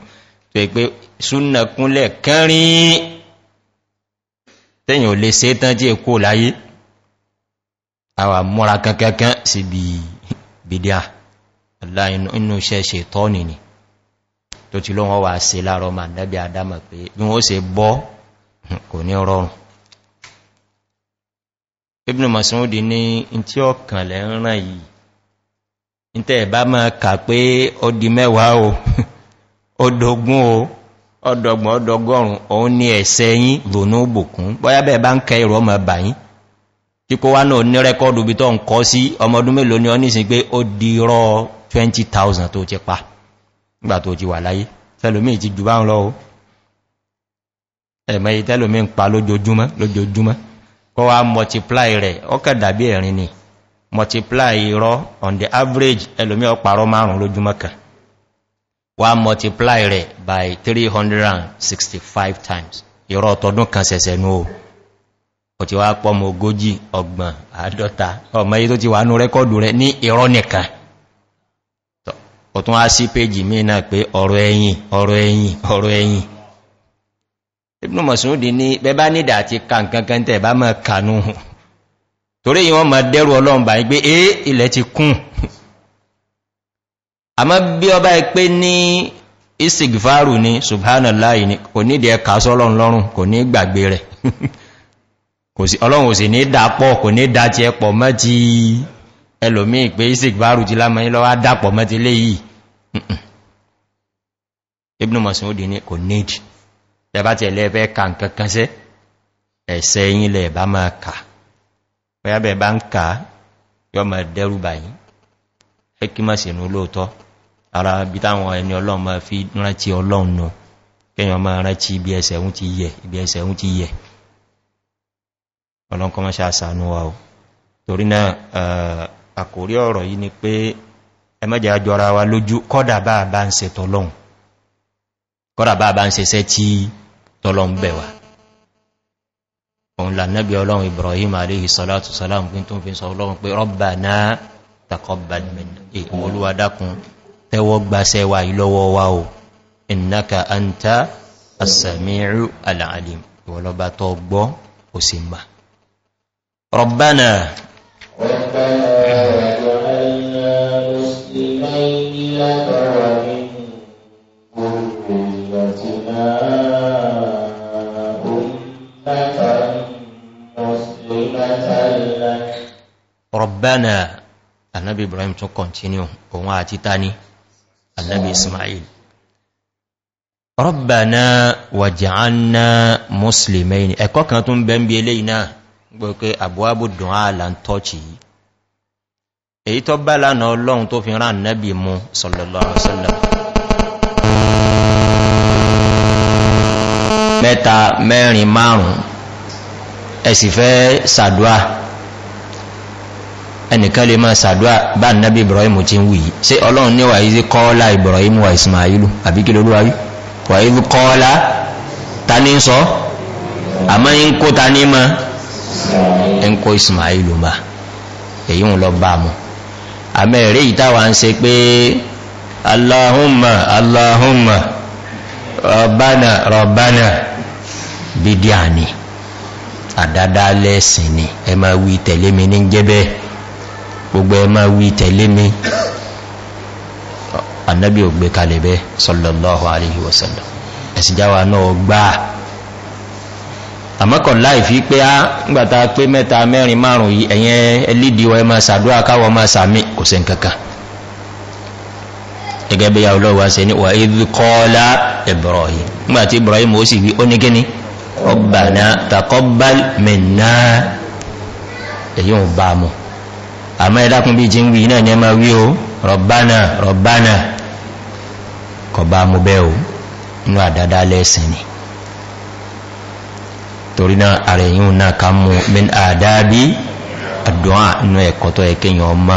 tó ti lọ́wọ́ wà sí láàrọ̀ mà nẹ́bí pé bí wọ́n ó se bọ́ kò ní rọrùn ibn masoud ní tí ó kàn lẹ́ ń ràn yìí ní tẹ́ bá máa kà pé ó di mẹ́wàá o ọdọ̀gbọ́n o ọdọ̀gbọ́n ọdọ̀gọ́rùn òun ni ẹ̀ṣẹ̀ yín lónú òbòkún bọ́yá bẹ́ẹ̀ bá ń kẹ ìrọ̀ ọmọ bà yín kíkó wá náà ní rẹ́kọ́ọ̀dù bí tó ń kọ́ sí ọmọdún mélòó ni ọ nísìn pé ó di rọ 20,000 tó ti pa nígbà tó ti wà láyé tẹ́lómí ti jù bá ń lọ o ẹ̀mẹ́ tẹ́lómí ń pa lójoojúmọ́ lójoojúmọ́ kọ́ wá multiply rẹ̀ ọkà dàbí ẹ̀rin ni multiply irọ́ on the average ẹlòmí ọparọ́ márùn lójúmọ́kà wá multiply rẹ̀ by 365 times irọ́ ọ̀tọ́dún kan sẹ̀sẹ̀ ní o o ti wá pọ́mọ ogójì ọgbọ̀n àádọ́ta ọmọ yí tó ti wà ní rẹ́kọ́dù rẹ̀ ní irọ́ nìkan ọ̀tún á sí péjì mí náà pé ọ̀rọ̀ ẹ̀yìn ọ̀rọ̀ ẹ̀yìn ọ̀rọ̀ ẹ̀yìn ibnu masoudi ní bẹba nídà àti kankankan tẹ̀ bá mọ́ kanú torí yíwọ́n ma dẹ́rù ọlọ́mbà ní pé e ilẹ̀ ti kún àmọ́ bí ọba pé ní isigfaru ni subhanallah ni kò ní ìdíẹ̀ kásọ́ ọlọ́run lọ́rùn kò ní gbàgbé rẹ̀ ọlọ́run ò sì ní dápọ̀ kò ní dá ti ẹpọ̀ mọ́ ti ẹlòmí pé isigfaru ti lámọ́ lọ́wọ́ dápọ̀ mọ́ ti ibnu masoudi ni kò nídìí bẹ̀bá ti ẹ̀lẹ́ ẹ̀fẹ́ ka nkankan sẹ́ ẹ̀sẹ̀ yìí lẹ̀ bá máa kà bẹ́yà bẹ̀ bá ń kà yọ ma dẹ́rù báyìí ẹkímọ̀ sínú lóòtọ́ ara bí táwọn ẹni ọlọ́run ma fi rántí ọlọ́run nù kẹyàn ma rántí ibi kọ́rà bá bá ń ṣeṣẹ́ tí tọ́lọ ń bẹ̀wà òun lànàbí ọlọ́run ibrahim aléhì sọ́látù sọ́lám pín tó fi sọ ọlọ́run pé rọ́bà náà takọ́bàdìmẹ̀lẹ́kùn tẹ́wọ́ gbaṣẹ́ wà ìlọ́wọ́ wá o ربنا rọ̀bánà annabi ibrahim tún kọntínú òun àti tani annabi ismail rọ̀bánà wàjáánà muslimaini ẹ̀kọ́ kan tún bẹ́ ń bí eléyìí náà gbọ́ pé àbúwábù dùn áàlà ń tọ́ọ̀chì yìí èyí tó bá lánà ọlọ́run tó fi rán annabi mu sallallahu mẹ́ta mẹ́rin márùn-ún ẹ̀sì fẹ́ sàdúà ẹnìkan lè máa sàdúwà bá nábi ibrahim ti ń wùyí sí ọlọ́run ní wàí kọ́ọ́lá ibrahim wa ismailu àbí kí lórí wáyí wàí sí kọ́ọ́lá ta ní sọ àmọ́ ń kó ta ní ma ń kó ismailu ma èyí ń lọ bá mu àmẹ́ èrè ìtawà ń se pé allahumma allahumma rọ̀bánà rọ̀bánà bídíà ni àdádá ni ẹ máa wí tẹ̀lé mi ní jẹ́bẹ́ẹ́ gbogbo ẹ máa wí tẹ̀lé mi annabi ò kalẹ̀ bẹ́ sallallahu alayhi wa sallam ẹ̀sìjáwà náà gbá àmọ́kọ̀ láìfí pé á gbàtà pé mẹ́ta mẹ́rin márùn yìí ẹ̀yẹn ẹlídìíwọ̀ ẹ máa sàdúrà káwọ máa sàmì kò sí nkankan gẹ́gẹ́ ya olóòwà se ní wà Ibrahim nígbàtí Ibrahim ó sì wí ó ní kíní Rabbana taqabbal èyí ò bá mọ̀ àmọ́ ẹ̀dákun bí jí ń wí náà ní ẹmà wí o rọ̀bánà rọ̀bánà kọba mú bẹ́ o inú àdádá lẹ́ẹ̀sìn ni torí náà ààrẹ yíò náà ká mú min àdábí àdúwà inú ẹ̀kọ́ tó ẹkẹyàn ọmọ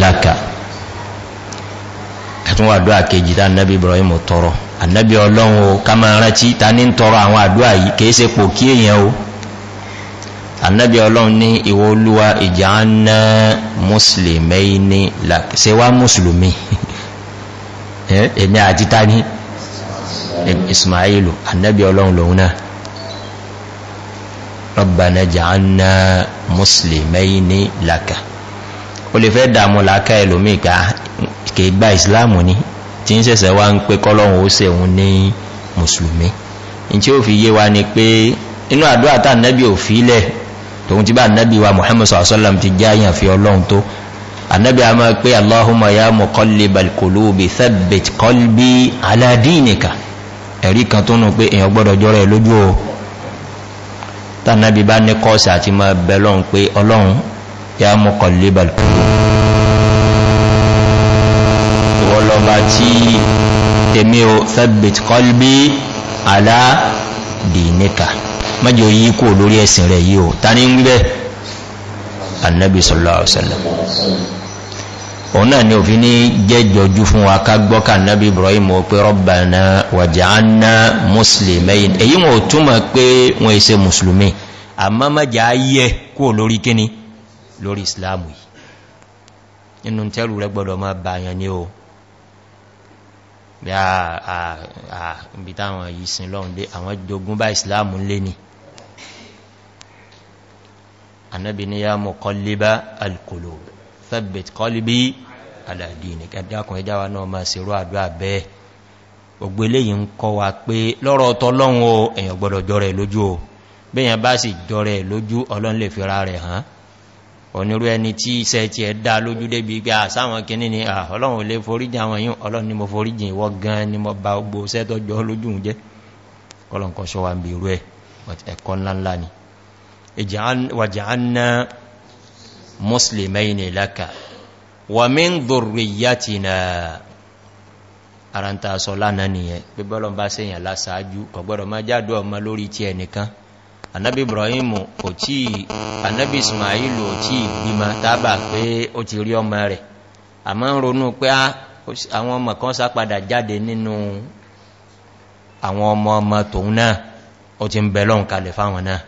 laka ẹ̀tún àdúrà kejì tá annabi ibrahim tọrọ annabi ọlọ́run o ká máa rántí ta ní tọrọ àwọn àdúrà yìí kìí ṣe pò kí èèyàn o annabi ọlọ́run ní ìwọ olúwa ìjà ń ná mùsùlùmí ní ṣe wá mùsùlùmí èmi àti ta ní ismailu annabi ọlọ́run lòun náà rọ̀bànà jà ná mùsùlùmí ní làkà o lè fẹ́ dàmù láká ẹlòmí ah, ìgbà kègbà ìsìláàmù ní tí ń sẹ̀sẹ̀ wá ń pé kọ́lọ́hun ó sẹ̀hun ní mùsùlùmí in tí ó fi yé wa ni pé inú àdúrà tá nẹ́bí ò fílẹ̀ tóhun ti bá nẹ́bí wa muhammad sallam ti já yàn fi ọlọ́run tó anẹ́bí a máa pé allahumma ya muqallibal qulubi thabbit qalbi ala dinika ẹ̀rí kan tó nù pé èèyàn gbọ́dọ̀ jọ́rọ̀ ya muqallibal qulub ìwọlọba tí tèmi o thabbit qalbi ala dinika mẹ́jọ yí kò lórí ẹ̀sìn rẹ̀ yí o ta ní ń gbẹ́ annabi sallallahu alaihi wasallam òun náà ni òfin ní jẹ́jọjú fún wa ká gbọ́ka annabi ibrahim o pé rabbana waj'alna muslimayn èyí wọn ò túmọ̀ pé wọn èsè mùsùlùmí àmọ́ mẹ́jọ ayé kò lórí kíní lórí islamu yìí inú tẹ́rù rẹ gbọ́dọ̀ máa bàyàn ní o bí a ibi táwọn yìí sin lọ́run dé àwọn jogun bá islamu lé ní anábi ni ya mọ̀ kọlíbá alkolo fẹ́bẹ̀t kọlíbí aládìní kẹjákùn ẹjáwa náà máa sèrò àdúrà bẹ́ẹ̀ gbogbo eléyìí ń kọ wa pé lọ́rọ̀ ọ̀tọ́ lọ́run o èyàn gbọ́dọ̀ jọ rẹ̀ lójú o bẹ́yàn bá sì jọ rẹ̀ lójú ọlọ́n lè fi ra rẹ̀ hàn onírú ẹni tí iṣẹ́ ti ẹ̀ dá lójú débi pé àsáwọn kìíní ni ọlọ́run lè foríjì àwọn yíò ọlọ́run ni mo foríjì ìwọ gan ni mo bá gbogbo iṣẹ́ tó jọ lójú jẹ́ kọlọ̀nkọ́ ṣọ́wà ń bí irú ẹ̀ ẹ̀kọ́ ńláńlá ni wàjáánà mùsùlùmí láka wà mín dùrìyàtìnà ara ń ta sọ lánàá nìyẹn annabi ibrahim kò tí annabi ismail ò tí ìgbìmọ̀ tábà pé ó ti rí ọmọ rẹ̀ àmọ́ ń ronú pé ah, àwọn ọmọ kan sápadà jáde nínú àwọn ọmọ ọmọ tòun náà ó ti ń bẹ̀lọ́n kalẹ̀ fáwọn náà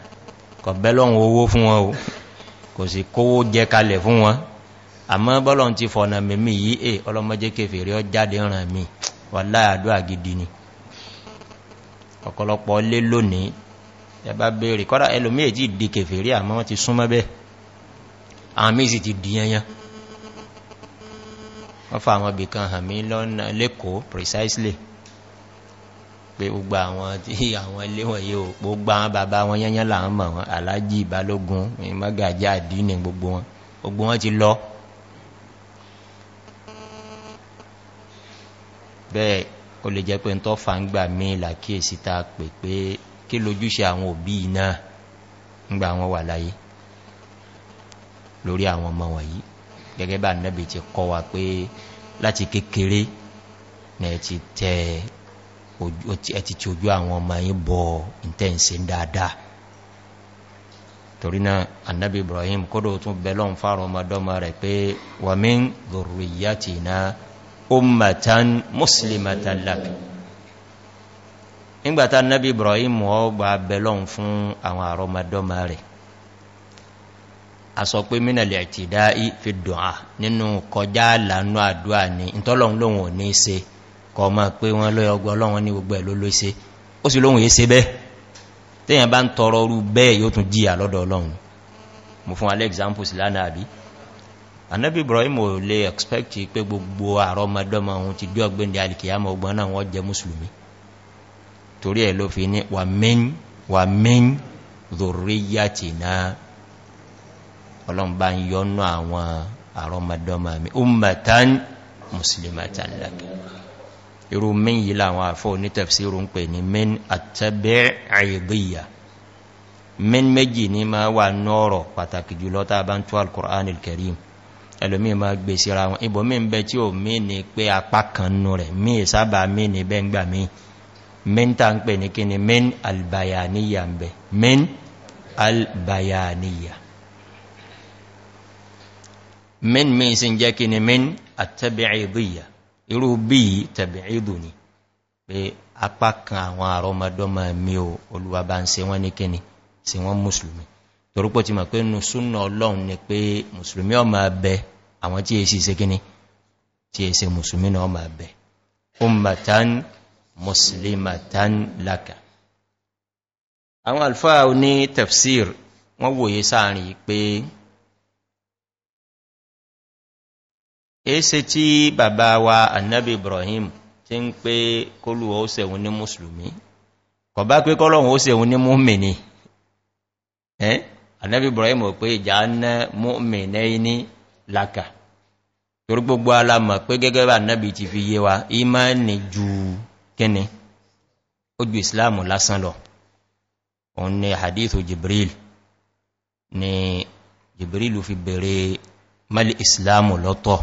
kọ̀ bẹ́lọ́n owó fún wọn o kò sì kówó jẹ kalẹ̀ fún wọn àmọ́ bọ́lọ́n ti fọ̀nà mẹ́mí yí è ọlọ́mọdé kèfèrè ọ jáde ràn mí wà láàdó àgidi ni ọ̀pọ̀lọpọ̀ lé lónìí ẹ̀bá bèèrè kọ́dá ẹlòmí èjì di kèfèrí àmọ́ wọ́n ti súnmọ́ bẹ́ àmì sì ti di yanyan wọ́n fa àwọn ibìkan hàmí lọ́nà lẹ́kọ̀ọ́ precisely pé gbogbo àwọn tí àwọn ilé wọ̀nyí ò gbogbo àwọn bàbá wọn yanyan láwọn mọ̀ wọn alájì ìbálógún ìmọ́gàjá àdínì gbogbo wọn gbogbo wọn ti lọ bẹ́ẹ̀ o lè jẹ́ pé ń tọ́ fa ń gbà mí ìlàkíyèsí ta pè pé kí lójúṣe àwọn òbí náà ńgbà wọn wà láyé lórí àwọn ọmọ wọ̀nyí gẹ́gẹ́ bá nẹ́bì ti kọ́ wa pé láti kékeré ẹ ti ti ojú àwọn ọmọ yí bọ̀ ìtẹ́ǹsẹ̀ dáadáa torí náà annabi ibrahim kódò tún belon fara ọmọdọ́mọ rẹ̀ pé wàmín zurriyatina ummatan muslimatan lak nígbàtà nabi ibrahim ọgbà abẹ́lọ́un fún àwọn àrọmọdọ́mà rẹ̀ a sọ pé mínàlẹ̀ ti dá fi dùnà nínú kọjá lànú àdúà ní ìtọ́lọ́un lóhun ò ní ṣe kọ ma pé wọ́n lọ́yọ ọgbọ́ ọlọ́run ní gbogbo ẹ̀ ló ló ṣe ó sì lóhun yé ṣe bẹ́ẹ̀ tẹ́yàn bá ń tọrọ orú bẹ́ẹ̀ yóò tún jíyà ibrahim ò lè expect pé gbogbo àrọmọdọ́mọ ohun ti dí ọgbẹ́ndẹ̀ alìkìyàmọ̀ ọgbọ́n náà wọ́n jẹ torí ẹ̀ ló fi ní wà mẹ́yìn zòríyàtì náà ọlọ́mbà ń yọ́nà àwọn àrọmọdọ́mà mi ummatan muslimatan laka irú mẹ́yìn yìí láwọn àfọ́ onítẹ̀fsíru ń pè ní mẹ́yìn àtẹ́bẹ̀ àìdíyà mẹ́n méjì ní máa wà nọ́ọ̀rọ̀ pàtàkì jùlọ tàà bá ń tó alkùnrin alkarim ẹlòmí ma gbé síra wọn ibòmí ń bẹ tí ò mí ní pé apá kan nù rẹ̀ mí sábà mí ní bẹ́ngbà mí min ta ń pè ní kíni min albayaniya ń bẹ min albayaniya min min sin jẹ́ kíni min àtẹ́bẹ̀ẹ́dìyà irú bí i tẹ̀bẹ̀ẹ́dù ni pé apá kan àwọn àrọmọdọ́mọ mi o olúwa bá ń se wọ́n ní kíni sí wọ́n mùsùlùmí torúpọ̀ ti mọ̀ pé nù súnà ọlọ́run ni pé mùsùlùmí ọmọ abẹ àwọn tí èsì e se kíni tí èsì e mùsùlùmí náà ọmọ abẹ ummatan muslimatan laka àwọn alfáà ní tafsir wọ́n wòye sáàrin pé èése tí bàbá wa annabi ibrahim ti ń pé kólùwọ́ ó sẹ̀wọ̀n ní musulmi kọ̀ bá pé kọ́lọ̀wọ́ ó sẹ̀wọ̀n ní múmìnì ẹ́ annabi ibrahim ò pé ìjà ná múmìnì ní laka torí gbogbo alamọ̀ pé gẹ́gẹ́ bá annabi ti fi yé wa imani juu kíni ojú islamu lásán lọ òun ni hadithu jibril ni jibril fi bèèrè mali islamu lọ́tọ̀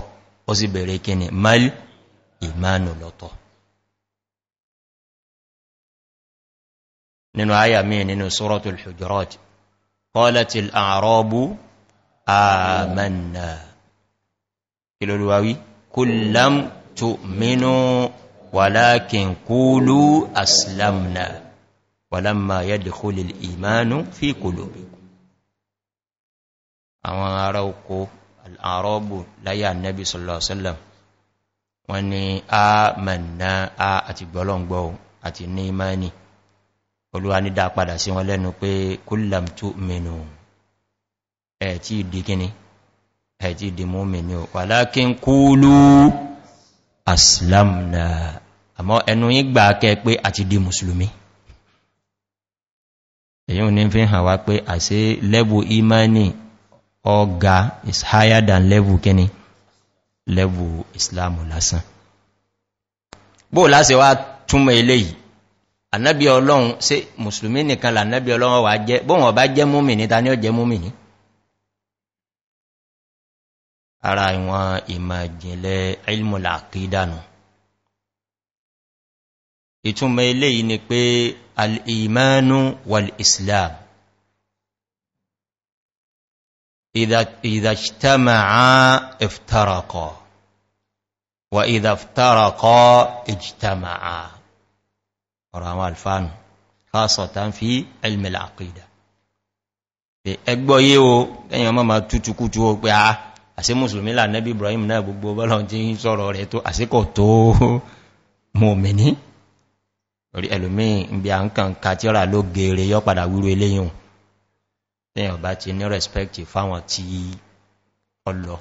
ó sì bèèrè kíni mali imanu lọ́tọ̀ nínú àyà mí nínú suratul hujjarat qalatil a'rabu amanna kí lóluwa kullam tu'minu walakin kúlú aslamna walamma yadkhulu al-imanu fi qulubikum àwọn ará oko al-arabu laya annabi sallallahu alaihi wasallam wọ́n ní amanna a àti gbọ́lọ́ngbọ́ àti ní imani olúwa ní dá padà sí wọn lẹ́nu pé kúlàm tó mẹ́nu ẹ̀ tí ìdí kíní ẹ̀ tí ìdí mú mẹ́nu wàlákín kúlú aslamna àmọ́ ẹnu yí gbà kẹ pé àti di musulmi èyí ò ní fi hàn wá pé àṣẹ lẹ́bù imani ọgá is higher than lẹ́bù kíni lẹ́bù islamu lásán bó láṣẹ wá túnmọ̀ eléyìí ànábí ọlọ́run sí musulmi nìkan lànábí ọlọ́run wà jẹ́ bó wọn bá jẹ́ múmi ní ta ní ọjẹ́ múmi ní ara ìwọn ìmọ̀ ìjìnlẹ̀ ilmùlà kìí dànù ìtumọ̀ eléyìí ni pé al'imánu wal-islam ìdàjtàmàá ìftarakọ̀ wa ìdàftarakọ̀ ìjtàmàá ọ̀rọ̀ àwọn alfáànù kásọ̀tán fi ilmìlá àkídà ẹgbọ́ yé o ẹ̀yàn mọ́ ma tútukútu o pé a àṣí musulmi là nẹ́bí ibrahim náà gbogbo bọ́lọ̀ tí ń rẹ̀ tó àṣíkọ̀ tó mọ̀mìnì orí ẹlòmíì ń bí a ń kàn ká tíra ló gẹ̀ẹ́rẹ̀ yọ padà wúrú eléyìn tẹ́yìn ọba ti ní rẹ̀spẹ̀kì fáwọn tí ọlọ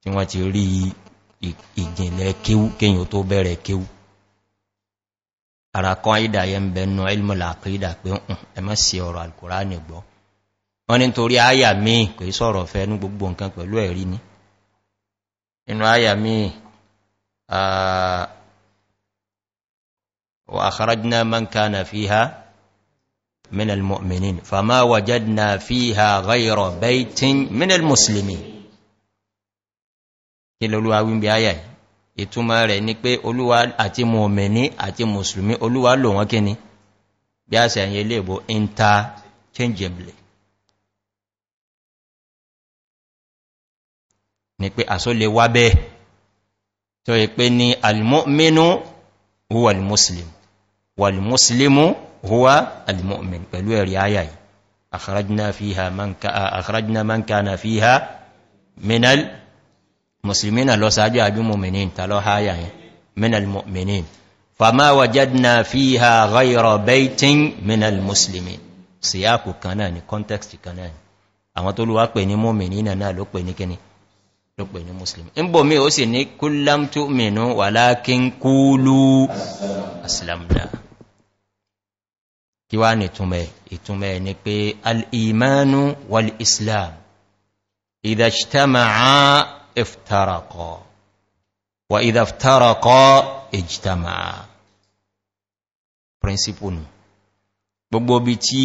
tí wọ́n ti rí ìgbìnlẹ̀ kéwú kéyìn tó bẹ̀rẹ̀ kéwú ara kan ìdà yẹ ń bẹnu ilmọ̀lá àkídà pé ẹmọ́ sí ọ̀rọ̀ ni torí àyà míì pé وأخرجنا من كان فيها من المؤمنين فما وجدنا فيها غير بيت من المسلمين kí lọ́lúwà wí bí ayà ìtumọ̀ rẹ̀ ní pé olúwa àti mọ̀mẹ̀ní àti mùsùlùmí olúwa lò wọ́n kí ni bí a sẹ̀ yẹ léèbò interchangeably ni pé àsó lè wá tó yẹ pé ni almọ́mẹ́nú huwa almuslim wàlmùsùlùmù huwa almu'min pẹ̀lú ẹ̀rí ayà yìí àkàrájìnà man kánà fi ha minal musulmi na lọ sáájú àbí mọ̀mìnín tàlọ háyà yìí minal mọ̀mìnín fama wajadna fi ha ghairo baitin minal musulmi siyaku kanáà ni context kanáà ni àwọn tó lúwá pè ní mọ̀mìnín náà ló pè ní kíní ló pè ní musulmi ń bò mí ó sì ní kúlám tó mìnú wàlákin kúlú aslamda kí wá ní ìtúnmẹ̀ ìtúnmẹ̀ ni pé al'imánu wal islam ìdàṣtàmàá iftarakọ wa ìdàftarakọ ìjtàmàá principle nù gbogbo bí tí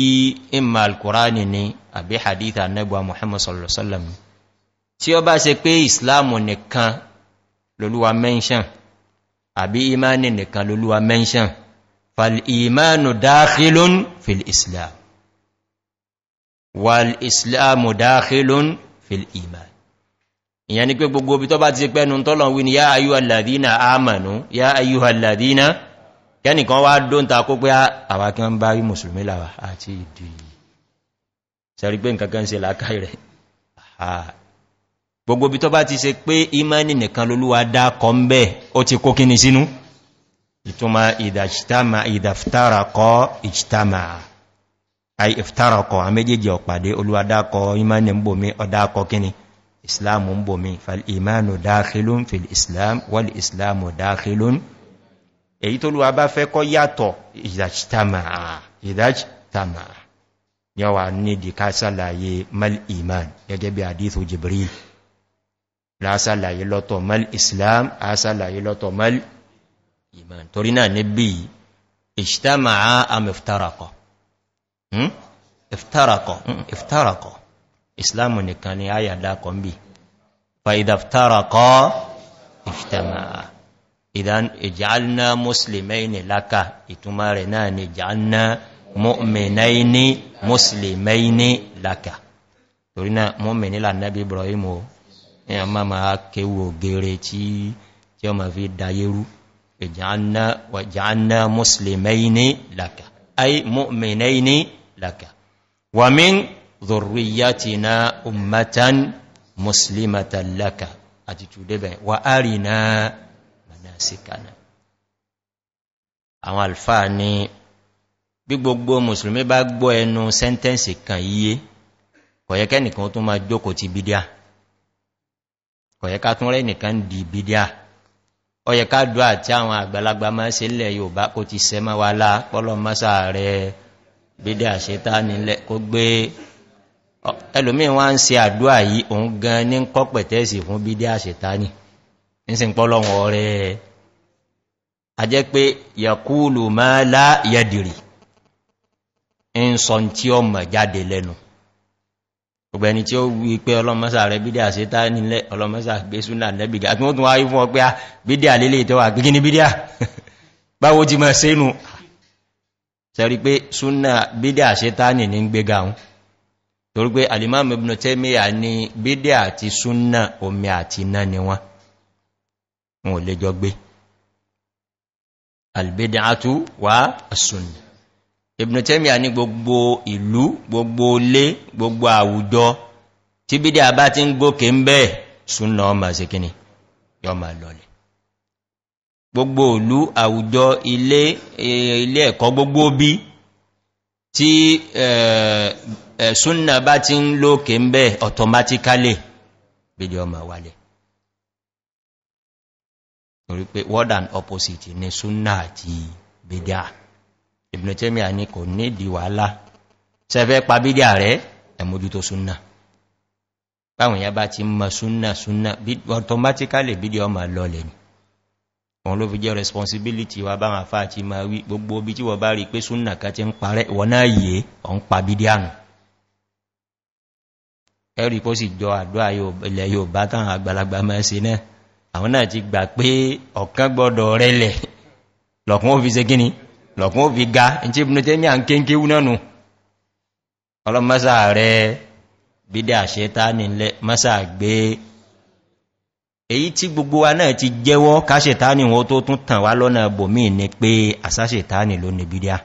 ìmà alkùránì ni àbí hadita nẹ́gbà muhammad sallallahu tí ó bá se pé islamu nìkan lolúwa mention àbí imani nìkan lolúwa mention فالإيمان داخل في الإسلام والإسلام داخل في الإيمان يعني كي بغو بي تو با تي pe nu tolorun wi ni ya ayu alladhina amanu ya ayu alladhina keni kan wa do nta ko pe awa kan ba wi muslimi la wa ati idi se ri pe nkan kan gbogbo bi to ba ti se pe imani nikan loluwa da ko ìtumọ̀ ìdàjítàmà ìdàftarakọ́ ìjítàmà àì ìftarakọ̀ a méjèèjì ọ̀pàdé olúwadákọ̀ imani ń bòmí ọdákọ̀ kíni islamu ń bòmí fal'imanu dáhìlún fil islam wal islamu dáhìlún èyí tó lúwa bá fẹ́ kọ́ yàtọ̀ ìdàjítàmà yọwà nídi ká sálàyé mal iman gẹ́gẹ́ bí àdíthù jibril lásàlàyé lọ́tọ̀ mal islam asàlàyé lọ́tọ̀ mal iman torí náà níbi ìṣtàmàá am iftarakọ̀ hmm? iftarakọ̀ hmm, iftarakọ̀ islamu nìkan ni ayàdá kan bí fa'ida iftarakọ̀ ìṣtàmàá idan ìjálná musulmẹ́ni láka ìtumá rẹ̀ náà ni ìjálná mu'minaini musulmẹ́ni láka torí náà mu'mini lànàbí ibrahim o ni a máa kéwò gẹ̀rẹ̀ tí ó fi dayeru ìjànà muslimaini laka ay mu'minaini laka wa min dhurriyyatina ummatan muslimatan laka àti tùdébẹ̀ wa arina manasikana àwọn alfa ni bí gbogbo musulmi bá gbọ́ ẹnu sẹ́ntẹ́nsì kan yíye kọ̀yẹ́kẹ́ nìkan tún ma jókòó ti bídíà kọ̀yẹ́ká tún rẹ̀ nìkan di bídíà ọyẹ ká dùn àti àwọn àgbàlagbà máa se lẹ̀ yóò bá kò ti sẹ máa wà láà pọ́lọ mọ́sà rẹ̀ bídẹ̀ àṣetá nílẹ̀ kó gbé ẹlòmí wá ń se àdúà yìí òun gan ní kọ́ fún bídẹ̀ àṣetá ní ìsìn pọ́lọ wọn a jẹ́ pé yàkúlù máa gbogbo ẹni tí ó wí pé ọlọ́mọ́sà rẹ̀ bídíà sí tá nílẹ̀ ọlọ́mọ́sà gbé súnà lẹ́bìgá tí wọ́n tún wáyé fún ọ pé ah, bídíà lélé ìtọ́wà gbígí ní bídíà báwo ti mọ̀ sínú sẹ́rí pé súnà bídíà sí tá nì ní gbégá hun torí pé alimam ibn taymiya ní gbogbo ìlú gbogbo ilé gbogbo àwùjọ tí bídí àbá ti ń gòkè ń bẹ́ẹ̀ súnà ọmọ sí kíni yọ ma lọlẹ̀ gbogbo ìlú àwùjọ ilé e, ilé ẹ̀kọ́ gbogbo bí tí e, e, súnà bá ti ń lókè ń bẹ́ẹ̀ automatically bídí ọmọ wálẹ̀ torí pé ni súnà àti bídí àà ìbìnà tẹ́mì àní kò ní ìdí wàhálà sẹ́fẹ́ pàbídà rẹ̀ ẹ̀mójú tó súnnà báwọn ya bá ti mọ̀ súnnà súnnà automatically bídí ọmọ lọlẹ̀ ni wọn ló fi jẹ́ responsibility wa bá wọn fáà ti ma wí gbogbo bí tí wọ́n bá rí pé súnnà ká ti ń parẹ́ wọ́n náà yìí ọ̀n pa bídí àrùn ẹ̀rì pó sì jọ àdúrà ilẹ̀ yóò bá táwọn àgbàlagbà lọ̀kún ó fi ga tí ibùn tẹ́mí à ń kéńké wú nánú ọlọ́mọ́sà rẹ̀ bídá ṣẹta nílẹ̀ mọ́sà gbé èyí tí gbogbo wa náà ti jẹ́wọ́ káṣẹta ní wọ́n tó tún tàn wá lọ́nà bòmí ní pé àsáṣẹta ní ló ní bídá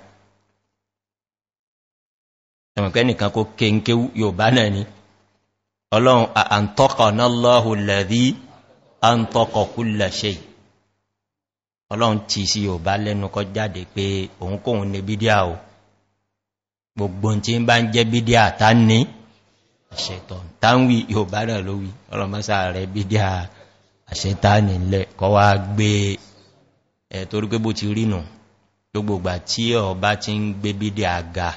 ẹ̀mọ̀kẹ́ náà lọ́hùn lẹ́rí àǹtọ́kọ̀ kúlẹ̀ ọlọ́run ti sí yorùbá lẹ́nu kọ jáde pé òun kóhun ní bídíà o gbogbo tí ń bá ń jẹ́ bídíà tá ní àṣẹtọ̀ táwí yorùbá náà ló wí ọlọ́mọ́sá rẹ̀ bídíà àṣẹtá nílẹ̀ kọ wá gbé ẹ̀ torí pé bó ti rínù gbogbogbà tí ọba ti ń gbé bídíà ga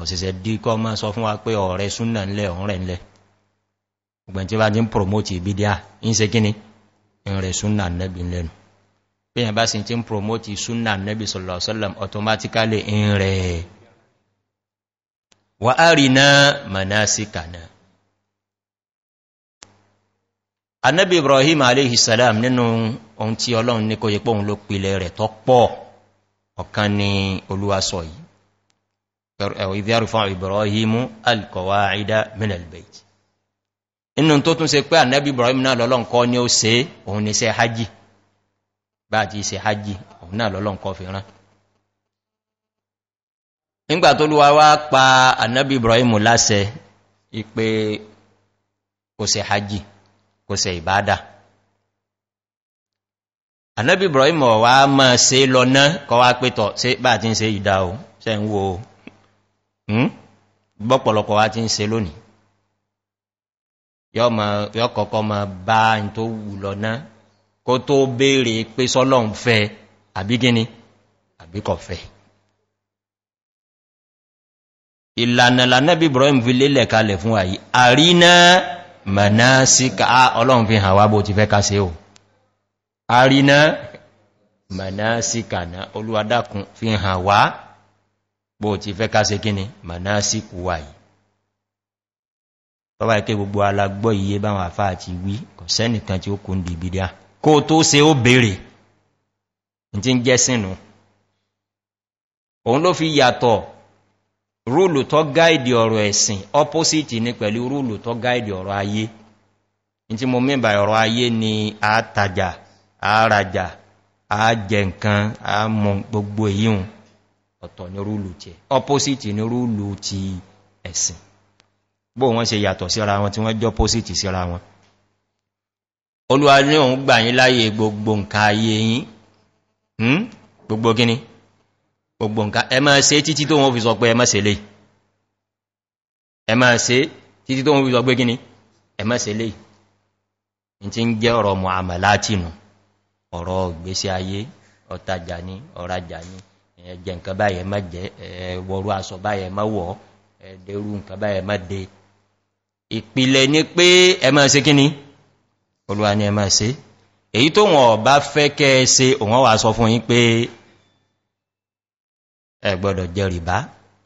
ọ̀sẹ̀sẹ̀ dí kọ́ máa sọ fún wa pé ọ̀rẹ́ súnà ńlẹ̀ ọ̀rẹ́ ńlẹ̀ ọgbẹ̀n tí bá ti ń promote ìbídíà ń se kíni ìrẹ̀ súnà nẹ́bí lẹ́nu bí yẹn bá sì ti ń promote sunna nabi sallallahu alaihi automatically in rẹ̀ wa arina manasikana annabi ibrahim alayhi salam nínú ohun tí ọlọ́run ní kó yẹ pọ̀ òun ló pìlẹ̀ rẹ̀ tọ́ pọ̀ ọ̀kan ni olúwasọ yìí ìdíyàrù fún ibrahim alkọwa àìdá minalbeit inú tó tún bá ti ṣe hajji òun náà lọ́lọ́ nǹkan fi rán nígbà tó lúwa wá pa annabi ibrahim láṣẹ ipé kò ṣe hajji kò ṣe ìbádà annabi ibrahim wá mọ́ ṣe lọ́nà kọ́ wá pétọ̀ ṣe bá ti ń ṣe ìdá o ṣe ń wo gbọ́pọ̀lọpọ̀ hmm? wá ti ń ṣe lónìí yọ́ kọ̀ọ̀kọ́ mọ́ bá ń tó wù lọ́nà kó tó béèrè pé sọ́lọ́n fẹ́ àbí gíní àbí kọ̀ fẹ́ ìlànà lànàbí ibrahim fi lélẹ̀ kalẹ̀ fún àyí àríná mọ̀ná sí ká ọlọ́run fi hàn wá bó ti fẹ́ ká sí o àríná mọ̀ná sí kàná olúwadákun fi hàn wá bó ti fẹ́ ká sí kíni mọ̀ná sí kúwà yìí tọ́wà ike gbogbo alagbọ́ iye báwọn àfáà ti wí kọ̀sẹ́nìkan tí ó kún dìbìdíà kó tó se ó bèèrè tí ń jẹ́ sínú òun ló fi yàtọ̀ rúùlù tó gáìdì ọ̀rọ̀ ẹ̀sìn opposite ni pẹ̀lú rúùlù tó gáìdì ọ̀rọ̀ ayé tí mo mẹ́bà ọ̀rọ̀ ayé ni a tajà a rajà a jẹ nǹkan a mọ gbogbo èyíun ọ̀tọ̀ ní rúùlù tí opposite ní rúùlù ti ẹ̀sìn bó wọ́n se yàtọ̀ síra wọn tí wọ́n jọ opposite síra wọn olúwa ní òun gbà yín láyé gbogbo nǹkan ayé yín hmm? gbogbo gíní gbogbo nǹkan ẹ máa ṣe títí tó wọ́n fi sọ pé ẹ máa ṣe lè ẹ máa ṣe títí tó wọ́n fi sọ pé gíní ẹ máa ṣe lè ní tí ń jẹ́ ọ̀rọ̀ mọ̀ àmà látìnù ọ̀rọ̀ ìgbésí ayé ọ̀tajà ní ọ̀rajà ní ẹjẹ nǹkan báyẹ̀ má jẹ́ ẹwọ̀rú aṣọ báyẹ̀ má wọ̀ ẹ̀dẹ̀rú nǹkan báyẹ̀ má de ìpìlẹ̀ ni pé ẹ ṣe kíní olúwa ni ẹ máa ṣe èyí tó wọ́n bá fẹ́ kẹ́ ṣe òun wà sọ fún yín pé ẹ gbọ́dọ̀ jẹ rìbá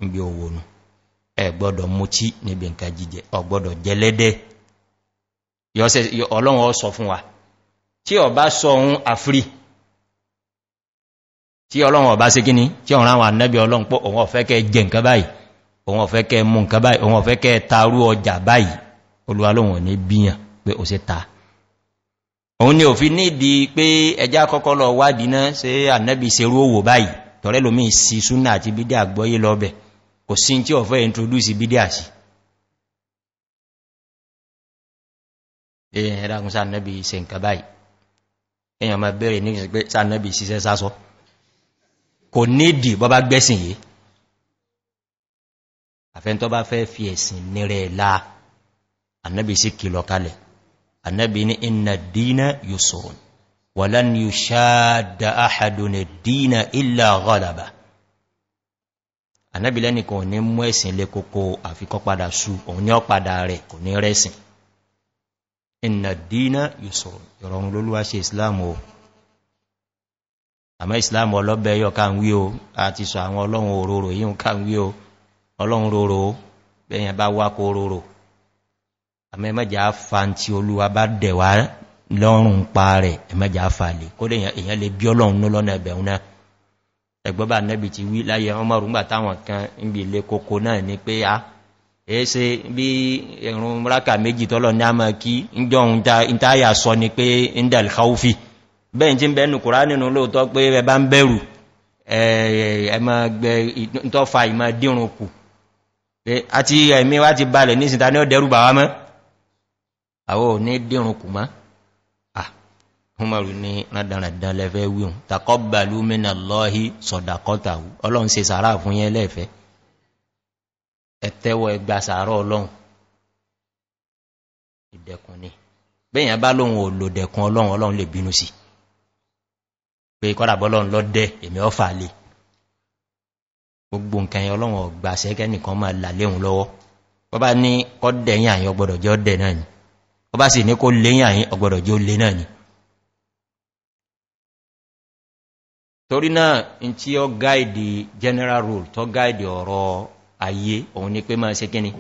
níbi owó nù ẹ níbi nǹkan jíjẹ ọgbọ́dọ̀ jẹ lẹ́dẹ̀ wa tí ọba sọ ohun àfírí tí ọlọ́run ọba sí kíní tí ọ̀rọ̀ àwọn anẹ́bí ọlọ́run pọ̀ òun ọ̀fẹ́ kẹ́ jẹ nǹkan báyìí òun ọ̀fẹ́ kẹ́ mú nǹkan báyìí òun ọ̀fẹ́ kẹ́ tarú ọjà báyìí olúwa lóhun ní bíyàn pé ó sì ta òun ni òfin nídi pé ẹjá kọ́kọ́ lọ wádìí náà ṣe ànẹ́bì ìṣerú owó báyìí tọ́rẹ́ lómi sí súnà àti bídí àgbọ́yé lọ́bẹ̀ kò sí tí ó introduce bídí eh, àṣì èyàn ẹ̀dàkùn sànẹ́bì ìṣe nǹkan báyìí èyàn ma bẹ̀rẹ̀ ní ìṣẹ́ pé sànẹ́bì ìṣiṣẹ́ sásọ kò nídi bọ́ bá gbẹ́sìn yìí àfẹ́ntọ́ annabi ni inna dina yusurun walan yushadda ahadun dina illa ghalaba annabi leni ko ni mu esin le koko afi ko pada su ohun ni o pada re ko ni resin inna dina yusurun yorun loluwa se islam o àmọ́ islam ọlọ́bẹ̀ yọ ká ń wí o àti sọ àwọn ọlọ́run òróró yíò ká ń wí o ọlọ́run róró bẹ́yẹn bá wá róró àmẹ́ mẹ́jà fa tí olúwa bá dẹ̀wà lọ́rùn pa rẹ̀ ẹ̀mẹ́jà fa lè kó lè èyàn lè bí ọlọ́run lọ́nà ẹ̀bẹ̀un náà ẹgbọ́bà nẹ́bì ti wí láyé ọmọrùn gbà táwọn kan ń bí ilé kókó náà ní pé a ah, èése bí ẹ̀rùn ráka méjì tọ́lọ ní a mọ́ kí ń jọ ohun táyà sọ ni pé indal haufi bẹ́ẹ̀ tí ń bẹ́nu kùrá nínú lóòótọ́ pé ẹ bá ń bẹ̀rù ẹ̀mọ́ gbẹ̀ ìtọ́fà ìmọ̀ dírùn kù àti ẹ̀mí wá ti balẹ̀ ní ìsìnta ní ọ̀dẹ́rù àwọ́ ò ní dìrùn kù má àmọ́rù ní rádàràdà lẹ́fẹ́ wíhùn takọ́bà lúmínà lọ́hí sọ̀dàkọ́tàwù ọlọ́run se sàárà fún yẹn lẹ́ẹ̀fẹ́ ẹ̀tẹ́wọ̀ ẹgbà sàárọ̀ ọlọ́run ìdẹ̀kùn ni bẹ́yàn bá lóhun ò lò dẹ̀kùn ọlọ́run ọlọ́run lè bínú sí pé kọ́dàbọ́lọ́run lọ́dẹ̀ èmi ọ́fà lè gbogbo nǹkan ọlọ́run ọ̀gbà sẹ́kẹ́ nìkan máa là léhun lọ́wọ́ ọba sì ní kó léyìn àyín ọgbọ̀dọ̀ jí ó lé náà ni torí náà in tí ó gáìdì general rule tó gáìdì ọ̀rọ̀ ayé òun ni pé máa ṣe kíni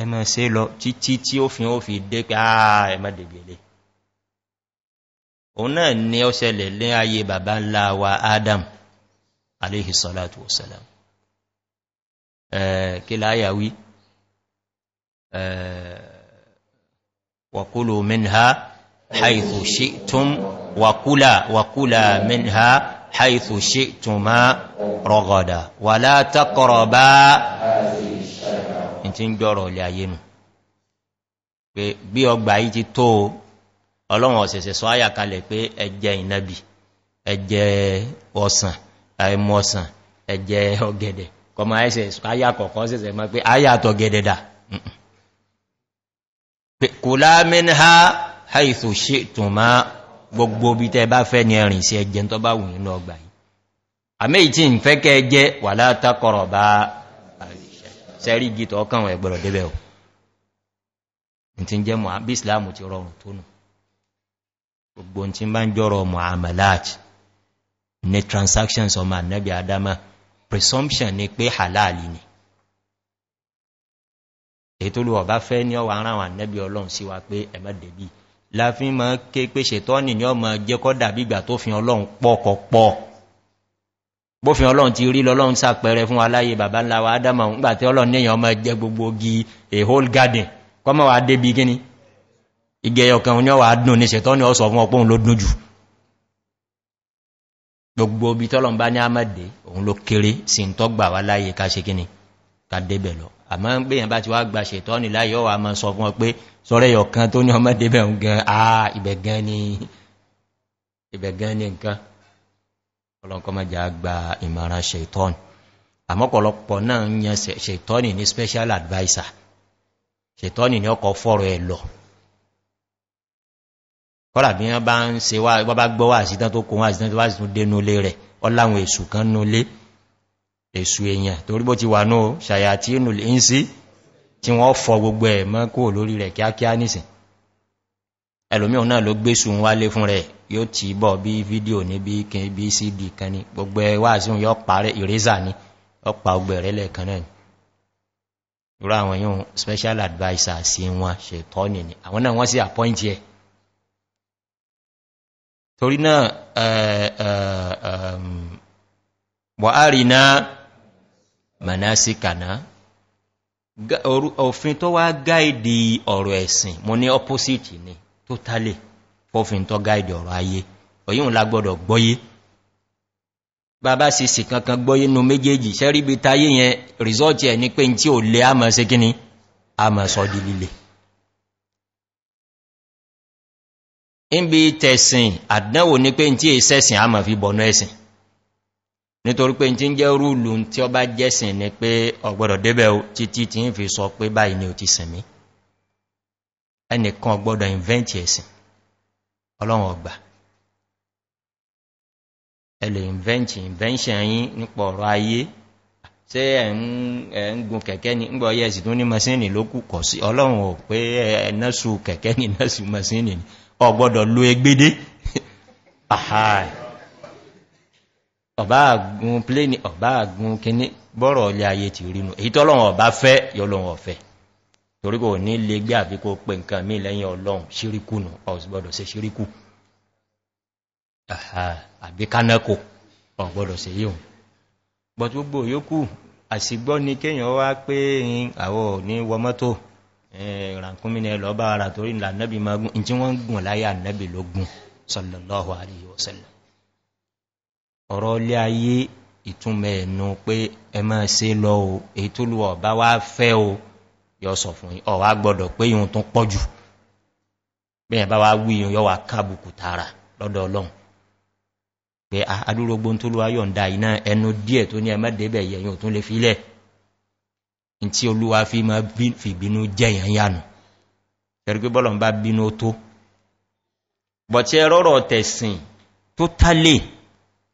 ẹ máa ṣe lọ títí tí ó fi ó fi dé pé àà ẹ ni ó ṣẹlẹ̀ lé ayé bàbá ńlá wa adam aléhìsọ́látù wasalam kí láyàwí ẹ̀. وكلوا منها حيث شئتم وكلا وكلا منها حيث شئتما رغدا ولا تقربا انتين جورو لي اينو bí ọgbà yìí ti tó ọlọ́run ọ̀sẹ̀sẹ̀ sọ áyà kalẹ̀ pé ẹjẹ ìnàbì ẹjẹ ọ̀sàn ẹmọ ọ̀sàn ẹjẹ ọgẹ̀dẹ̀ kọmọ ẹsẹ̀ áyà kọ̀kọ́ sẹ̀sẹ̀ mọ́ pé áyà tọ̀gẹ̀dẹ̀ dà kùlá mẹ́nà haithu ṣe tùnmá gbogbo bí tẹ bá fẹ́ ní ẹ̀rìn sí ẹjẹ́ tó bá wù nínú ọgbà yìí àmẹ́yì tí ń fẹ́ kẹ́ jẹ́ wà látàkọrọ̀ bá sẹ́rí gítọ̀ ọkànwọ̀ ẹgbẹ̀rọ̀ débẹ̀ transactions ọmọ annabi presumption ni pé halali ni ètò olùwọ̀ bá fẹ́ ní ọwà aráwà nẹ́bí ọlọ́run sí wa pé ẹ̀mẹ́ dèbí láfí ma ké pé ṣètọ́nì ní ọmọ jẹ́kọ́ dàbígbà tó fi ọlọ́run pọ̀kọ̀pọ̀ bófin ọlọ́run ti rí lọ́lọ́run sàpẹẹrẹ fún aláyé bàbá ńlá wa ádámà ń gbàtí ọlọ́run ní èyàn ọmọ jẹ gbogbo a whole garden kọ́mọ̀ wa débi gíní ìgẹyọ kan ní ọwà dùn ní ṣètọ́nì ọsọ fún ọpọ́ òun ló dùn jù gbogbo bí tọ́lọ̀ bá àmọ́ ń gbé yẹn bá ti wá gba ṣètọ́ ní láyọ́ wà mọ́ sọ fún ọ pé sọ́rẹ́ yọ̀kan tó ní ọmọdé bẹ̀ ń gan àà ìbẹ̀gan ni nǹkan ọlọ́nkọ́mọ́já gba ìmọ̀ràn ṣètọ́n àmọ́pọ̀lọpọ̀ náà ń yan ṣètọ́nì ní special advisor ṣètọ́nì ní ọkọ̀ fọ́rọ̀ ẹ̀ lọ kọ́lá bí wọ́n bá ń se wá gbọ́wà sí tán tó kó wá sí tán tó wá sí tún dénú lé rẹ̀ ọláwọn èṣù kan nú lé èsù èyàn torí bó ti wà náà ṣàyàtí inú lè ń sí tí wọ́n fọ gbogbo ẹ̀ mọ́ kó lórí rẹ̀ kíákíá nìsìn ẹlòmíhùn náà ló gbésù ń wálé fún rẹ̀ yóò ti bọ̀ bí fídíò ní bí cd kan ní gbogbo ẹwà síhun yóò pa rẹ̀ ní ọpa ọgbẹ̀ rẹ̀ lẹ́ẹ̀kan special advisor sí wọn ṣètọ́ nìní àwọn náà wọ́n sí appoint manasikana òfin tó wá gáìdì ọ̀rọ̀ ẹ̀sìn mo ní opposite ni tó tálè fófin tó gáìdì ọ̀rọ̀ ayé òyíhun lágbọ́dọ̀ gbọ́yé bàbá sì sì kankan gbọ́yé nú méjèèjì sẹ́ríbi táyé yẹn rìsọ́ọ̀tì ẹ̀ ní pé tí ò lè àmà sí kíní àmà sọ́dí lílẹ̀ ń bí tẹ̀sìn àdánwò ní pé tí èsẹ́sìn àmà fi bọ̀nú ẹ̀sìn nítorí pé tí ń jẹ́ rúlù tí ọ bá jẹ́sìn ni pé ọgbọ̀dọ̀ débẹ̀ títí tí ń fi sọ pé báyìí ni ò ti sìn ẹnìkan ọgbọ́dọ̀ inventi ẹ̀sìn ọlọ́run ọgbà ẹlẹ̀ inventi invention nípa ọ̀rọ̀ ayé tí ẹ̀ ń gun kẹ̀kẹ́ ní gbọ́ yẹ́sì tó ní masínì ló kù kọ̀ sí ọlọ́run ò pé ẹ̀násù kẹ̀kẹ́ lo egbede ọ̀bá àgùn pléni ọ̀bá àgùn kíní bọ́rọ̀ ilé ayé ti rínú èyí tọ́lọ́wọ̀n ọ̀bá fẹ́ yọ́lọ́wọ̀n ọ̀fẹ́ torí kò ní lè gbé àfikò pé nǹkan mí lẹ́yìn ọlọ́run ṣíríkù nù ọ̀sgbọ́dọ̀ sí ṣíríkù àbí kánákò ọ̀gbọ́dọ̀ sí yíò bọ̀ tó gbò yókù àsìgbọ́ ni kéèyàn wá pé àwọ̀ ní wọ mọ́tò ìrànkúnmínà ẹlọ́bá ara torí ọ̀rọ̀ ilé ayé ìtúnmẹ̀ ẹ̀nu pé ẹ mọ́ ṣe lọ o èyí tó lù ọ̀bá wá fẹ́ o yọ sọ fún ọ̀wá gbọ́dọ̀ pé ìhun tó pọ̀ jù bí ẹ̀ bá wá wí ìhun yọ́wà kábùkù tààrà lọ́dọ̀ ọlọ́run pé adúrógbó tó lù ayọ̀ ń da iná bọ̀tí ẹ̀rọ̀rọ̀ tẹ̀sìn tó tálẹ̀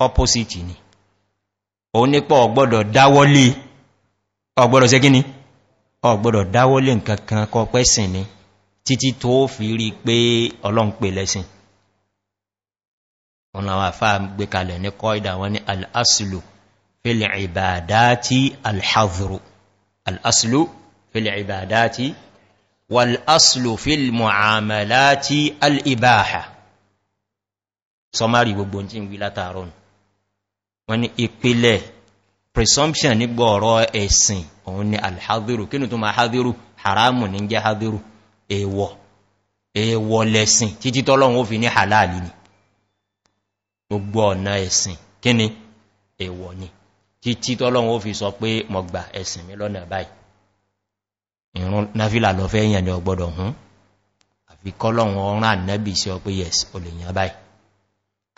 opposite ni o nípa ọgbọ́dọ̀ dáwọ́lé ọgbọ́dọ̀ sẹ́kí ni ọgbọ́dọ̀ dáwọ́lé nkankan kọ pẹ́sìn ni títí tó fi rí pé ọlọ́n pè lẹ́sìn ọ̀nà àwọn àfáà gbé kalẹ̀ ní kọ́ ìdà wọn ni al'aslu fílẹ̀ ìbàdáti alhazuru al'aslu fílẹ̀ ìbàdáti wal'aslu fílẹ̀ mu'amalati al'ibaha sọmárì gbogbo tí ń wí wọ́n ni ìpìlẹ̀ presumption nígbà ọ̀rọ̀ ẹ̀sìn òun ni alhadiru kí ni tó máa hadiru haramu ní jẹ́ hadiru èèwọ̀ èèwọ̀ lẹ́sìn títí tọ́lọ́run ó fi ní halali ni gbogbo ọ̀nà ẹ̀sìn kí ni èèwọ̀ ni títí tọ́lọ́run ó fi sọ pé mọ̀gbà ẹ̀sìn mi lọ́nà báyìí ìrún náfílà lọ fẹ́ yẹn ni ọgbọ́dọ̀ hún àfi kọ́lọ́run ọ̀rán nẹ́bì sí ọ pé yes olèyàn báyìí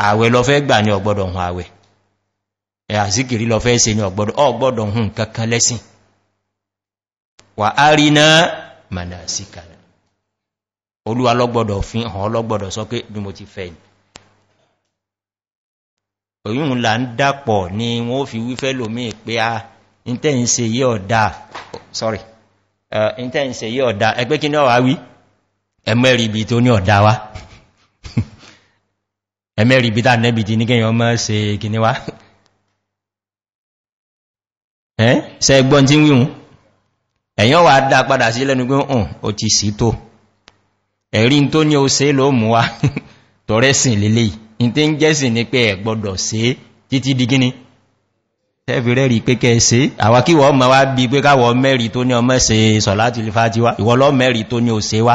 ààwẹ̀ lọ fẹ́ gbà ní ọgbọ́dọ̀ hun ààwẹ̀ àzíkìrí lọ fẹ́ se ní ọgbọ́dọ̀ hùn kankan lẹ́sìn wà á rí náà olúwa lọ́gbọ́dọ̀ fi hàn ọlọ́gbọ́dọ̀ bí mo ti fẹ́ òyìn la ń dápọ̀ ni wọ́n fi wífẹ́ lómi pé ah, a sorry ọda epe ní ẹ́ ṣe ẹgbọ́n tí wíhun ẹ̀yàn wà dá padà sí lẹ́nu pé ọ̀n ó ti sí tó ẹ̀rí tó ní o ṣe ló mú wa tọ̀rẹ́ sìn lélẹ̀ yìí tí ń jẹ́sìn ní pé ẹ̀ gbọ́dọ̀ ṣe títí di gíní tẹ́fìrẹ́ rí pé kẹ́ẹ̀ṣe àwakíwọ̀ ọmọ wá bí pé káwọ̀ mẹ́rin tó ní ọmọ ṣe sọ̀látìlífà ti wá ìwọ̀lọ́ mẹ́rin tó ní o ṣe wá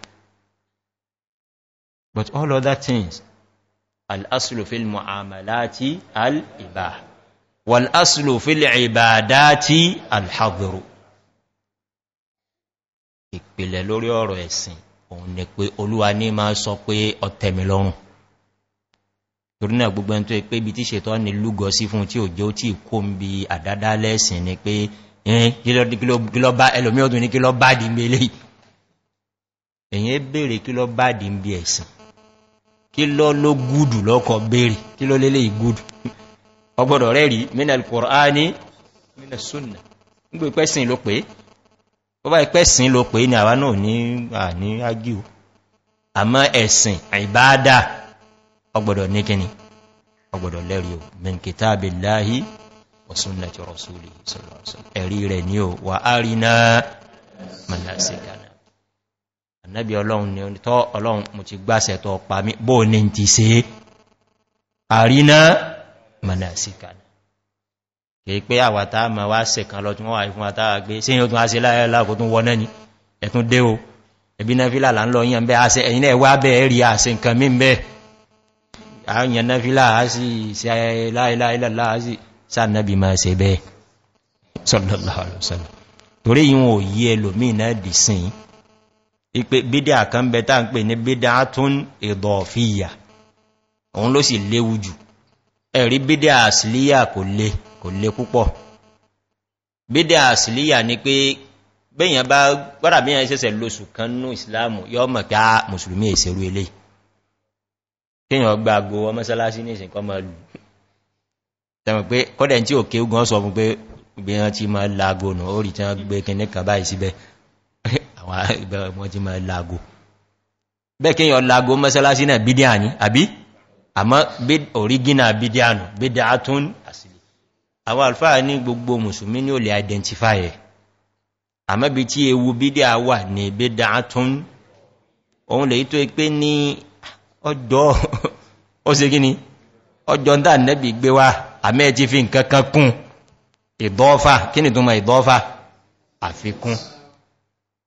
but all other things al'aslu fil mu'amalati al'ibah wal'aslu fil ibadati al'adhuru ìpìlẹ̀ lórí ọ̀rọ̀ ẹ̀sìn òun ni pé olúwa ní máa sọ pé ọ̀tẹ̀mì lọ́rùn torí náà gbogbo ẹn tó pé ibi tí ṣètọ́ ni lúgọ sí fún tí òjò tí kó ń bi àdádá lẹ́ẹ̀sìn ni pé ẹ̀yìn kí lọ bá dì ń bí ẹ̀sìn kí lọ ló gúdù lọ́kọ̀ bèèrè kí ló lélé ìgúdù ọgbọ̀dọ̀ rẹ̀ rí minal kòrání minal sunna ń gbé pẹ́sìn ló pé ó bá ìpẹ́sìn ló pé ní àwa náà ní àní ágíò àmọ́ ẹ̀sìn àìbáadà ọgbọ̀dọ̀ ní kíni ọgbọ̀dọ̀ lẹ́rí o mẹ́kítà abìláhí ọ̀sùn nàtọ̀rọ̀sùn ẹ̀rí rẹ̀ ní o wà á rí náà mọ̀lásíkà annabi ọlọ́run ni onítọ́ ọlọ́run mo ti gbáṣẹ̀ tọ́ pa mí bó ní ti ṣe àríná manasika kìí pé àwàtá ma wá ṣe kan lọ tí wọ́n wà fún àtàwà gbé sí ìyóò tún a ṣe láàkó tún wọ́n náà ẹ̀tún dé o ẹ̀bí náfílà là ń lọ yàn bẹ́ àṣẹ ẹ̀yìn ẹ̀wà bẹ́ẹ̀ rí ipe bídá kan bẹta ń pè ní bídá tún ìdọ̀fíyà òun ló sì léwu jù ẹ̀rí bídá àsìlíyà kò le kò le púpọ̀ bídá àsìlíyà ni pé bẹ́yàn bá gbára bíyàn ṣẹ́sẹ̀ lóṣù kan nú ìsìláàmù yọ́ mọ̀ pé a ah, mùsùlùmí ìṣerú ilé kíyàn gba agbó ọmọ́sálásí ní ìsìnkọ́ mọ́ lù tẹ̀mọ̀ pé kọ́dẹ̀ tí òkè ogun ọ́sọ̀ fún àwọn ìbẹ̀rẹ̀ mọ́ jí máa láago bẹ́ẹ̀kí yọ láago mọ́sálásí náà bídíà ní àbí àmọ́ orígínà bídíà nù bídíà tún àsìlì àwọn alfáà ní gbogbo musulmi ní ò lè identify ẹ̀ àmọ́ bí tí ewu bídíà wà ní bídíà tún òun lè tó pé ní ọjọ́ ó se gíní ọjọ́ ń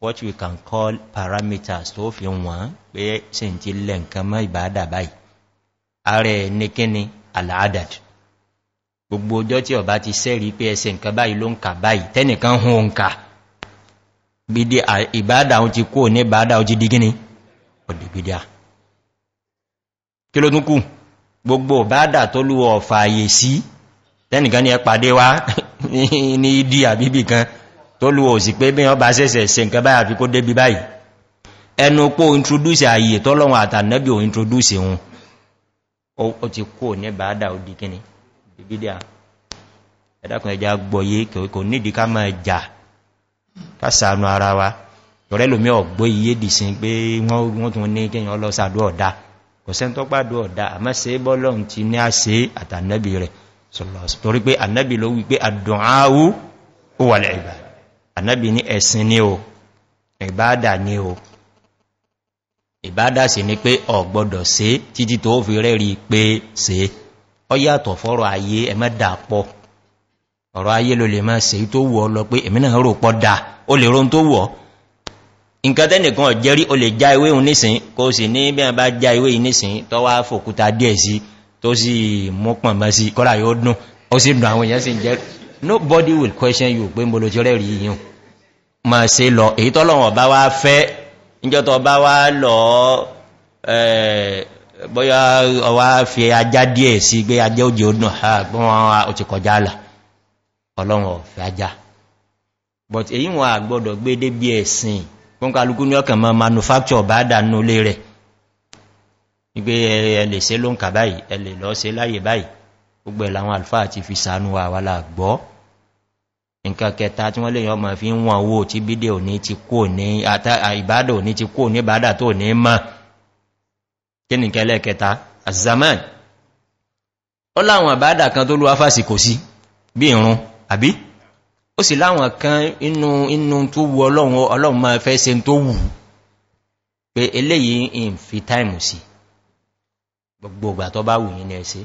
what we can call parameters tó fi wọ́n pé ṣe n ti lẹ nǹkan mọ́ ìbáadà báyìí ààrẹ ní kíni aláàdàd gbogbo ọjọ́ tí ọba ti sẹ́rí pé ẹsẹ̀ nǹkan báyìí ló ń kà báyìí tẹ́nìkan hún ohun kà gbídí ìbáadà ohun ti kó ní ìbáadà ohun ti di gíní ọ̀dẹ̀gbídí à kí ló tún gbogbo ìbáadà tó lú ọ̀fà sí tẹ́nìkan ní ẹ pàdé wá ní ìdí àbíbì kan tó lù òsì pé bí wọ́n bá sẹ́sẹ̀ se nǹkan báyà fi kó débi báyìí ẹnu pó introduce ààyè tọ́lọ́wọ́n àtànẹ́bì ò introduce wọn ó ti kó ní bàádà ó di kíni ìbídíà ẹ̀dàkùn ẹja gbọ́yé kò nídi ká máa jà kásàánú ara wa tọ́rẹ́ lómi ọ̀gbọ́ iye dìsìn pé wọ́n tún ní kíyàn ọlọ́sàdú ọ̀dá kò sẹ́ntọ́ gbádù ọ̀dá àmọ́ se bọ́lọ́n ti ní àṣẹ àtànẹ́bì rẹ̀ torí pé ànẹ́bì ló wí pé ànábì ní ẹ̀sìn ní o ìbáadà ní o ìbáadà sí ni pé ọ̀gbọ́dọ̀ sí títí tó fi rẹ́rí pé sí ọ yàtọ̀ fọ́rọ̀ ayé ẹmẹ́dà pọ̀ ọ̀rọ̀ ayé ló lè máa sí tó wọ́ lọ pé èmì náà rò pọ́ da ó lè rón tó wọ́ nǹkan tẹ́nìkan ọ̀jẹ́rí ó lè já ewé nísìn kó sì ní bí a bá já ewé nísìn tó wá fòkúta díẹ̀ sí tó sì mú pọ̀n sí kọ́lá yóò dùn ó sì dùn àwọn èèyàn sì jẹ́rìí nobody will question you pé mbolo ti rẹ̀rí yíò ma ṣe lọ èyí tọ́lọ̀wọ̀n bá wá fẹ́ níjọ́tọ̀ bá wá lọ bóyá ọwá fi ajá díẹ̀ sí gbé ajá òjì odùn àgbọ́n wọn ti kọjá là ọlọ́wọ̀n ọ̀fẹ́ ajá but èyí wọn àgbọ́dọ̀ gbé débí ẹ̀sìn pọ́nkálukú ní ọkàn mọ́ manufacture bá dànú lé rẹ̀ ìgbé ẹ̀lẹ̀ sí ló ń kà báyìí ẹ̀lẹ̀ lọ́ sí láyé báyìí gbogbo ẹ̀ láwọn alfáà ti fi sànú àwà làgbọ́ nǹkan kẹta tí wọ́n lè yọ ma fi ń wọn owó tí bídẹ̀ òní ti kó ní ìbádà òní ti kó ní ìbádà tó ní mọ́ kí ní kẹlẹ̀ kẹta azaman ó láwọn ìbádà kan tó lúwa fásì kò sí bí irun àbí ó sì láwọn kan inú inú tó wu ọlọ́run ọlọ́run fẹ́ se tó wù pé eléyìí ń fi táìmù sí gbogbo ìgbà tó bá wù yí ní ẹsẹ́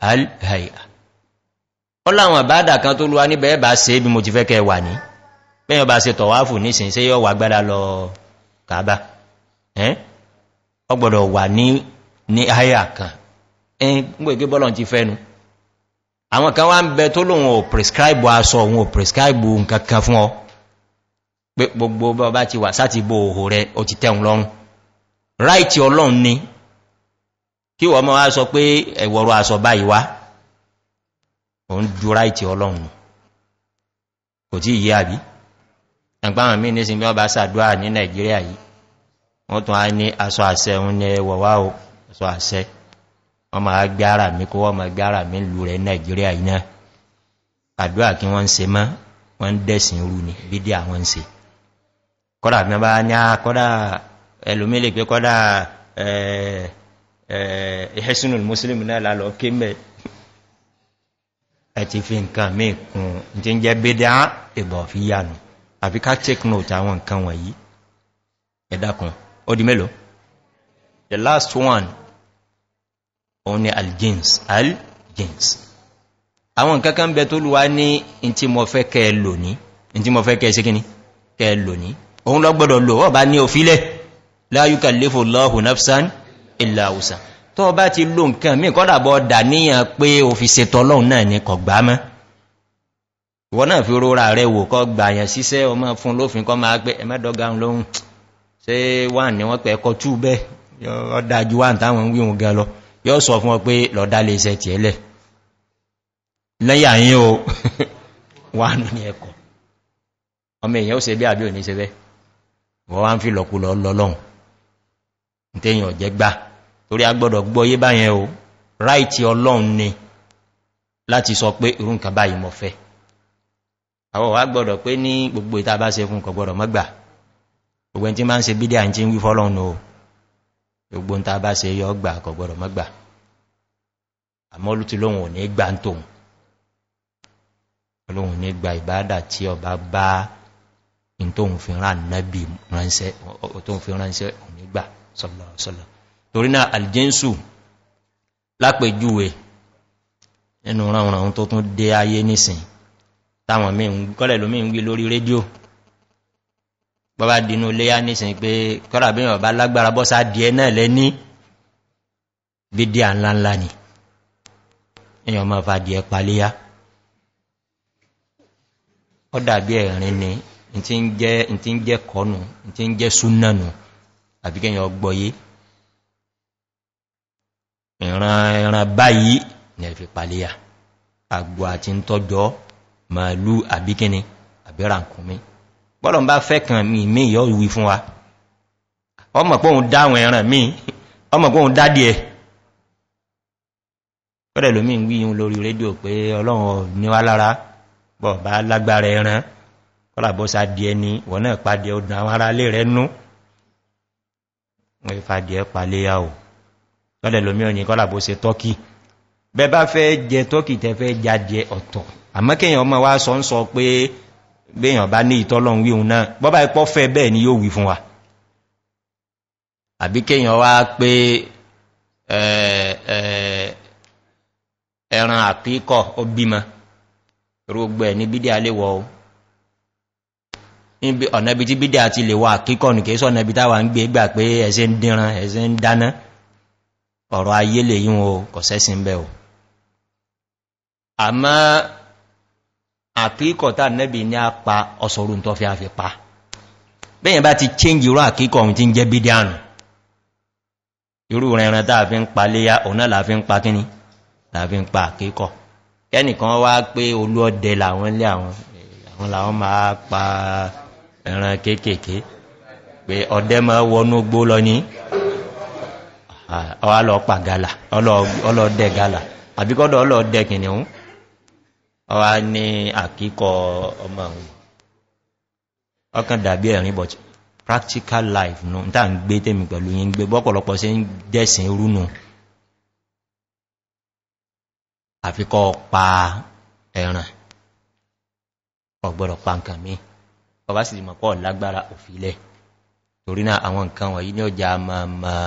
alhaya ó láwọn àbádà kan tó lúwa níbẹ̀ bá se bí mo ti fẹ́ kẹ wà ní bẹ́yàn bá se tọ̀wáfù nísìn sí yọ́ wà gbádá lọ kàábà ọgbọ̀dọ̀ wà ní àyà kan gbogbo bọ́lọ̀ ti fẹ́nu àwọn kan wá ń bẹ tó lóun ò prescribe aṣọ òun ò prescribe nǹkan gbogbo bá ti wà rẹ ó ti tẹ́un ni kí wọ́n mọ́ wá sọ pé ẹ̀wọ̀rọ̀ àsọ báyìí wá o ń ju ráìtì ọlọ́run kò tí yí àbí ẹgbàmà mí ní sinmi ọba sàdúà ní nàìjíríà yìí wọ́n tún á ní aṣọ àṣẹ ń ní ẹwọ̀ wá o aṣọ àṣẹ wọ́n ma gbé ara mi kó wọ́n ma gbé ara mi lù rẹ̀ nàìjíríà yìí náà àdúà kí wọ́n ń se mọ́ wọ́n ń dẹ̀sìn rú ni bídí àwọn ń se kọ́dà bí bá ní a ah, kọ́dà ẹlòmílẹ̀ pé kọ́dà ẹ̀ẹ́ eh, Eh, ìhẹ́sùnù muslim náà lálọ kí mẹ́ ẹ̀ ti fi nǹkan mí kún tí ń jẹ́ bédá ìbọ̀ fi yánu àfi ká take note àwọn nǹkan wọ̀nyí ẹ̀dàkùn ó di mélòó the last one òun ni aljins aljins àwọn nǹkan kan bẹ tó lùwá ní in tí mo fẹ́ kẹ́ lò ní in tí mo fẹ́ kẹ́ sí kíní kẹ́ lò ní òun lọ gbọ́dọ̀ lò ọ bá nafsan ìlà òsà tó bá ti ló nǹkan mí kọ́dà bọ́ dà níyàn pé o fi ṣe tọ́lọ́un náà ní kọ̀gbá mọ́ ìwọ náà fi rora rẹ wò kọ́ gbàyàn síṣẹ́ ọmọ fún lófin kọ́ máa pé ẹmẹ́dọ́gáun lóhun ṣe wà ní wọ́n pẹ̀ ẹkọ tú bẹ́ ọdájú wà táwọn wíhun gan lọ yóò sọ fún ọ pé lọ́dá lè ṣẹ tí ẹlẹ̀ lẹ́yà yí o wà ní ẹkọ̀ ọmọ èèyàn ó ṣe bí àbí òní ṣe bẹ́ wọ́n wá ń fi lọ̀kulọ̀ lọ́lọ́hun torí agbọ́dọ̀ gbọ́ yé báyẹn o ráìtì ọlọ́run ni láti sọ pé irú nǹkan báyìí mọ̀ fẹ́ àwọ̀ wá gbọ́dọ̀ pé ní gbogbo ìta bá se fún kọ̀gbọ́dọ̀ mọ́gbà gbogbo tí máa ń se bídí àti wí fọ́lọ́run o gbogbo ta bá ti lóhun ò ní gbà ń tòun olóhun ní gba ìbádà tí ọba bá in tóhun torí náà aljensu lápèjúwe ẹnu ránran tó tún dé ayé nìsìn táwọn mí kọ́lẹ̀ lómi ń gbé lórí rédíò bọ́bá dínú léyá nìsìn pé kọ́lá bí wọ́n bá lágbára bọ́sá díẹ̀ náà lẹ́ní bídíà ńláńlá ni èyàn máa fa díẹ̀ paléyá ọ dàbí ẹ̀rin ni ìtí ń jẹ́ kọ́nù ìtí ń jẹ́ súnánù àbíkẹ́yàn ọgbọ́yé ìran ẹran báyìí ní ẹ̀fì paléyà àgbò àti tọ́jọ́ màálù àbíkíní àbírànkúnmí bọ́lọ̀ bá fẹ́ kan mi mí yọ́ wí fún wa ọmọ pọ́hun dáwọn ẹran mi ọmọ pọ́hun dádìí ẹ̀ pẹ́rẹ̀ lómi ń wíyún lórí rédíò pé ọlọ́run níwá lọ́lẹ̀ lómi òní kọ́lá bó se tọ́kì bẹ bá fẹ́ jẹ tọ́kì tẹ fẹ́ jájẹ ọ̀tọ̀ àmọ́ kéèyàn ọmọ wá sọ ń sọ pé béèyàn bá ní ìtọ́lọ́run náà fẹ bẹ́ẹ̀ ni yóò wí fún wa ọ̀nà àti lè wọ nìkẹ́ táwà ń gbé gbà pé ẹ̀ṣẹ́ ń dínran ẹ̀ṣẹ́ ń dáná ọ̀rọ̀ ayé lè yíwọ kọ̀sẹ́sí ń bẹ̀ ò àmá àkíkọ̀tà nẹ́bì ní a pa ọ̀sọ̀rù tó fi àfi pa bẹ́yìn bá ti change irú àkíkọ̀ ohun tí ń jẹ́ bídíànù irú rẹ̀rẹ̀ tàà fi ń pa léyà ọ̀nà láàfi ń pa kíní láàfi ń pa àkíkọ̀ kẹ́nìkan wá pé olú ọdẹ làwọn ilé àwọn làwọn máa pa ẹran kéèkèé pé ọdẹ máa wọnú gbó lọ ní ọlọ pa gala ọlọ dẹ gala àbíkọ́dọ̀ ọlọ dẹ kìnnìún ọwá ní àkíkọ ọmọ àwọn ọkàn dàbí ẹ̀rin but practical life nù tàà ń gbé tèmi pẹ̀lú yí ń gbé bọ́pọ̀lọpọ̀ sí ń dẹ̀sìn rúnù àfikọ́ pa ẹ̀ràn ọgbọ̀rọ̀ pa nǹkan mi ọba sì mọ̀pọ̀ lágbára òfilẹ̀ torí náà àwọn nǹkan wọ̀nyí ní ọjà máa máa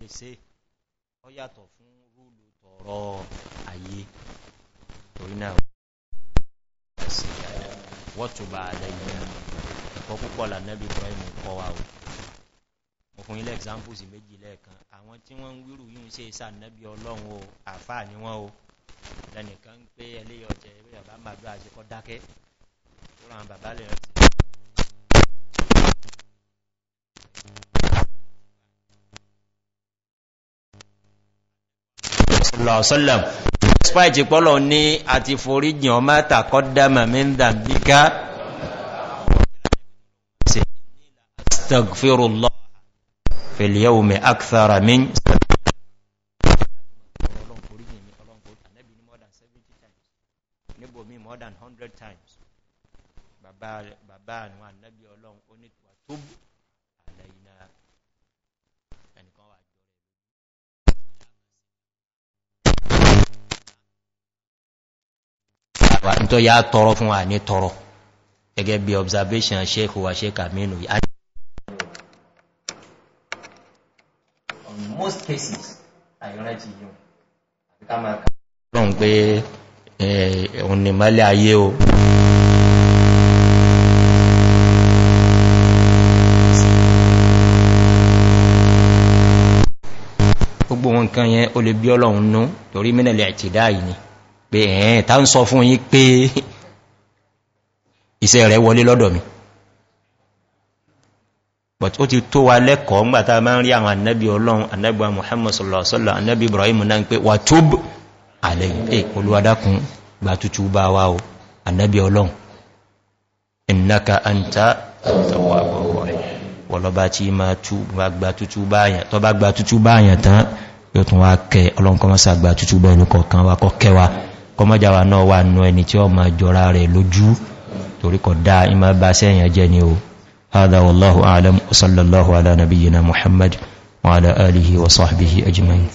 lè ṣe ọ yàtọ̀ fún rúlù tọ̀rọ ayé torí náà wọ́tùbà àlẹ́yìn ẹ̀kọ́ púpọ̀ lànẹ́bí ibrahim kọ́ wa o òkun ilẹ̀ examples méjì lẹ́ẹ̀kan àwọn tí wọ́n ń wírù yíò ṣe ìsànẹ́bí ọlọ́run o àfáà ni wọ́n o lẹ́nìkan ń pé ẹlẹ́yọ̀jẹ́ ìwé ọ̀bá màdúrà ṣe kọ́ dákẹ́ tó ràn bàbá lè rántí sọ̀lọ̀sọ́lọ̀ despite pọ́lọ̀ ní àti foríjìn ọmọ tàkọ́ dámà mẹ́ndà bí ká stagfirullah fèlìyàwòmẹ̀ akthara min Bàbá àwọn annabi ọlọ́run wà ní tó yá tọrọ fún wa ní tọrọ gẹ́gẹ́ bí observation sheik wa sheik aminu ya on most cases àyọ́rẹ́jì yíò àbíká kama ká lọ́n pé òun ni mọ́lẹ̀ ayé o gbogbo wọn kan yẹn o lè bí ọlọ́run nú torí mínẹ̀lẹ̀ àtìdá yìí ni pé ẹ̀ẹ́ ta ń sọ fún yín pé iṣẹ́ rẹ̀ wọlé lọ́dọ̀ mi but ó ti tó wa lẹ́kọ̀ọ́ ngbàtà máa ń rí àwọn annabi ọlọ́run annabi muhammad sallọ́sọ́lọ́ annabi ibrahim náà ń pé wà túb àlẹ́yìn pé olúwadákun gbà tútù bá wá o annabi ọlọ́run ìnáka àǹtà àtàwà àbọ̀wọ̀ rẹ̀ wọ́lọ́bá tí ma gbà tútù báyàn tán yóò tún wá kẹ ọlọ́run kọ́ kọmọ́jáwà náà wà nù ẹni tí ó máa jọra rẹ̀ lójú torí kọ̀ dáa ima bá sẹ́yìn jẹ́ ni o hádá wallahu sallallahu ala nabiyyina muhammad wa ala alihi wa sahbihi ajma'in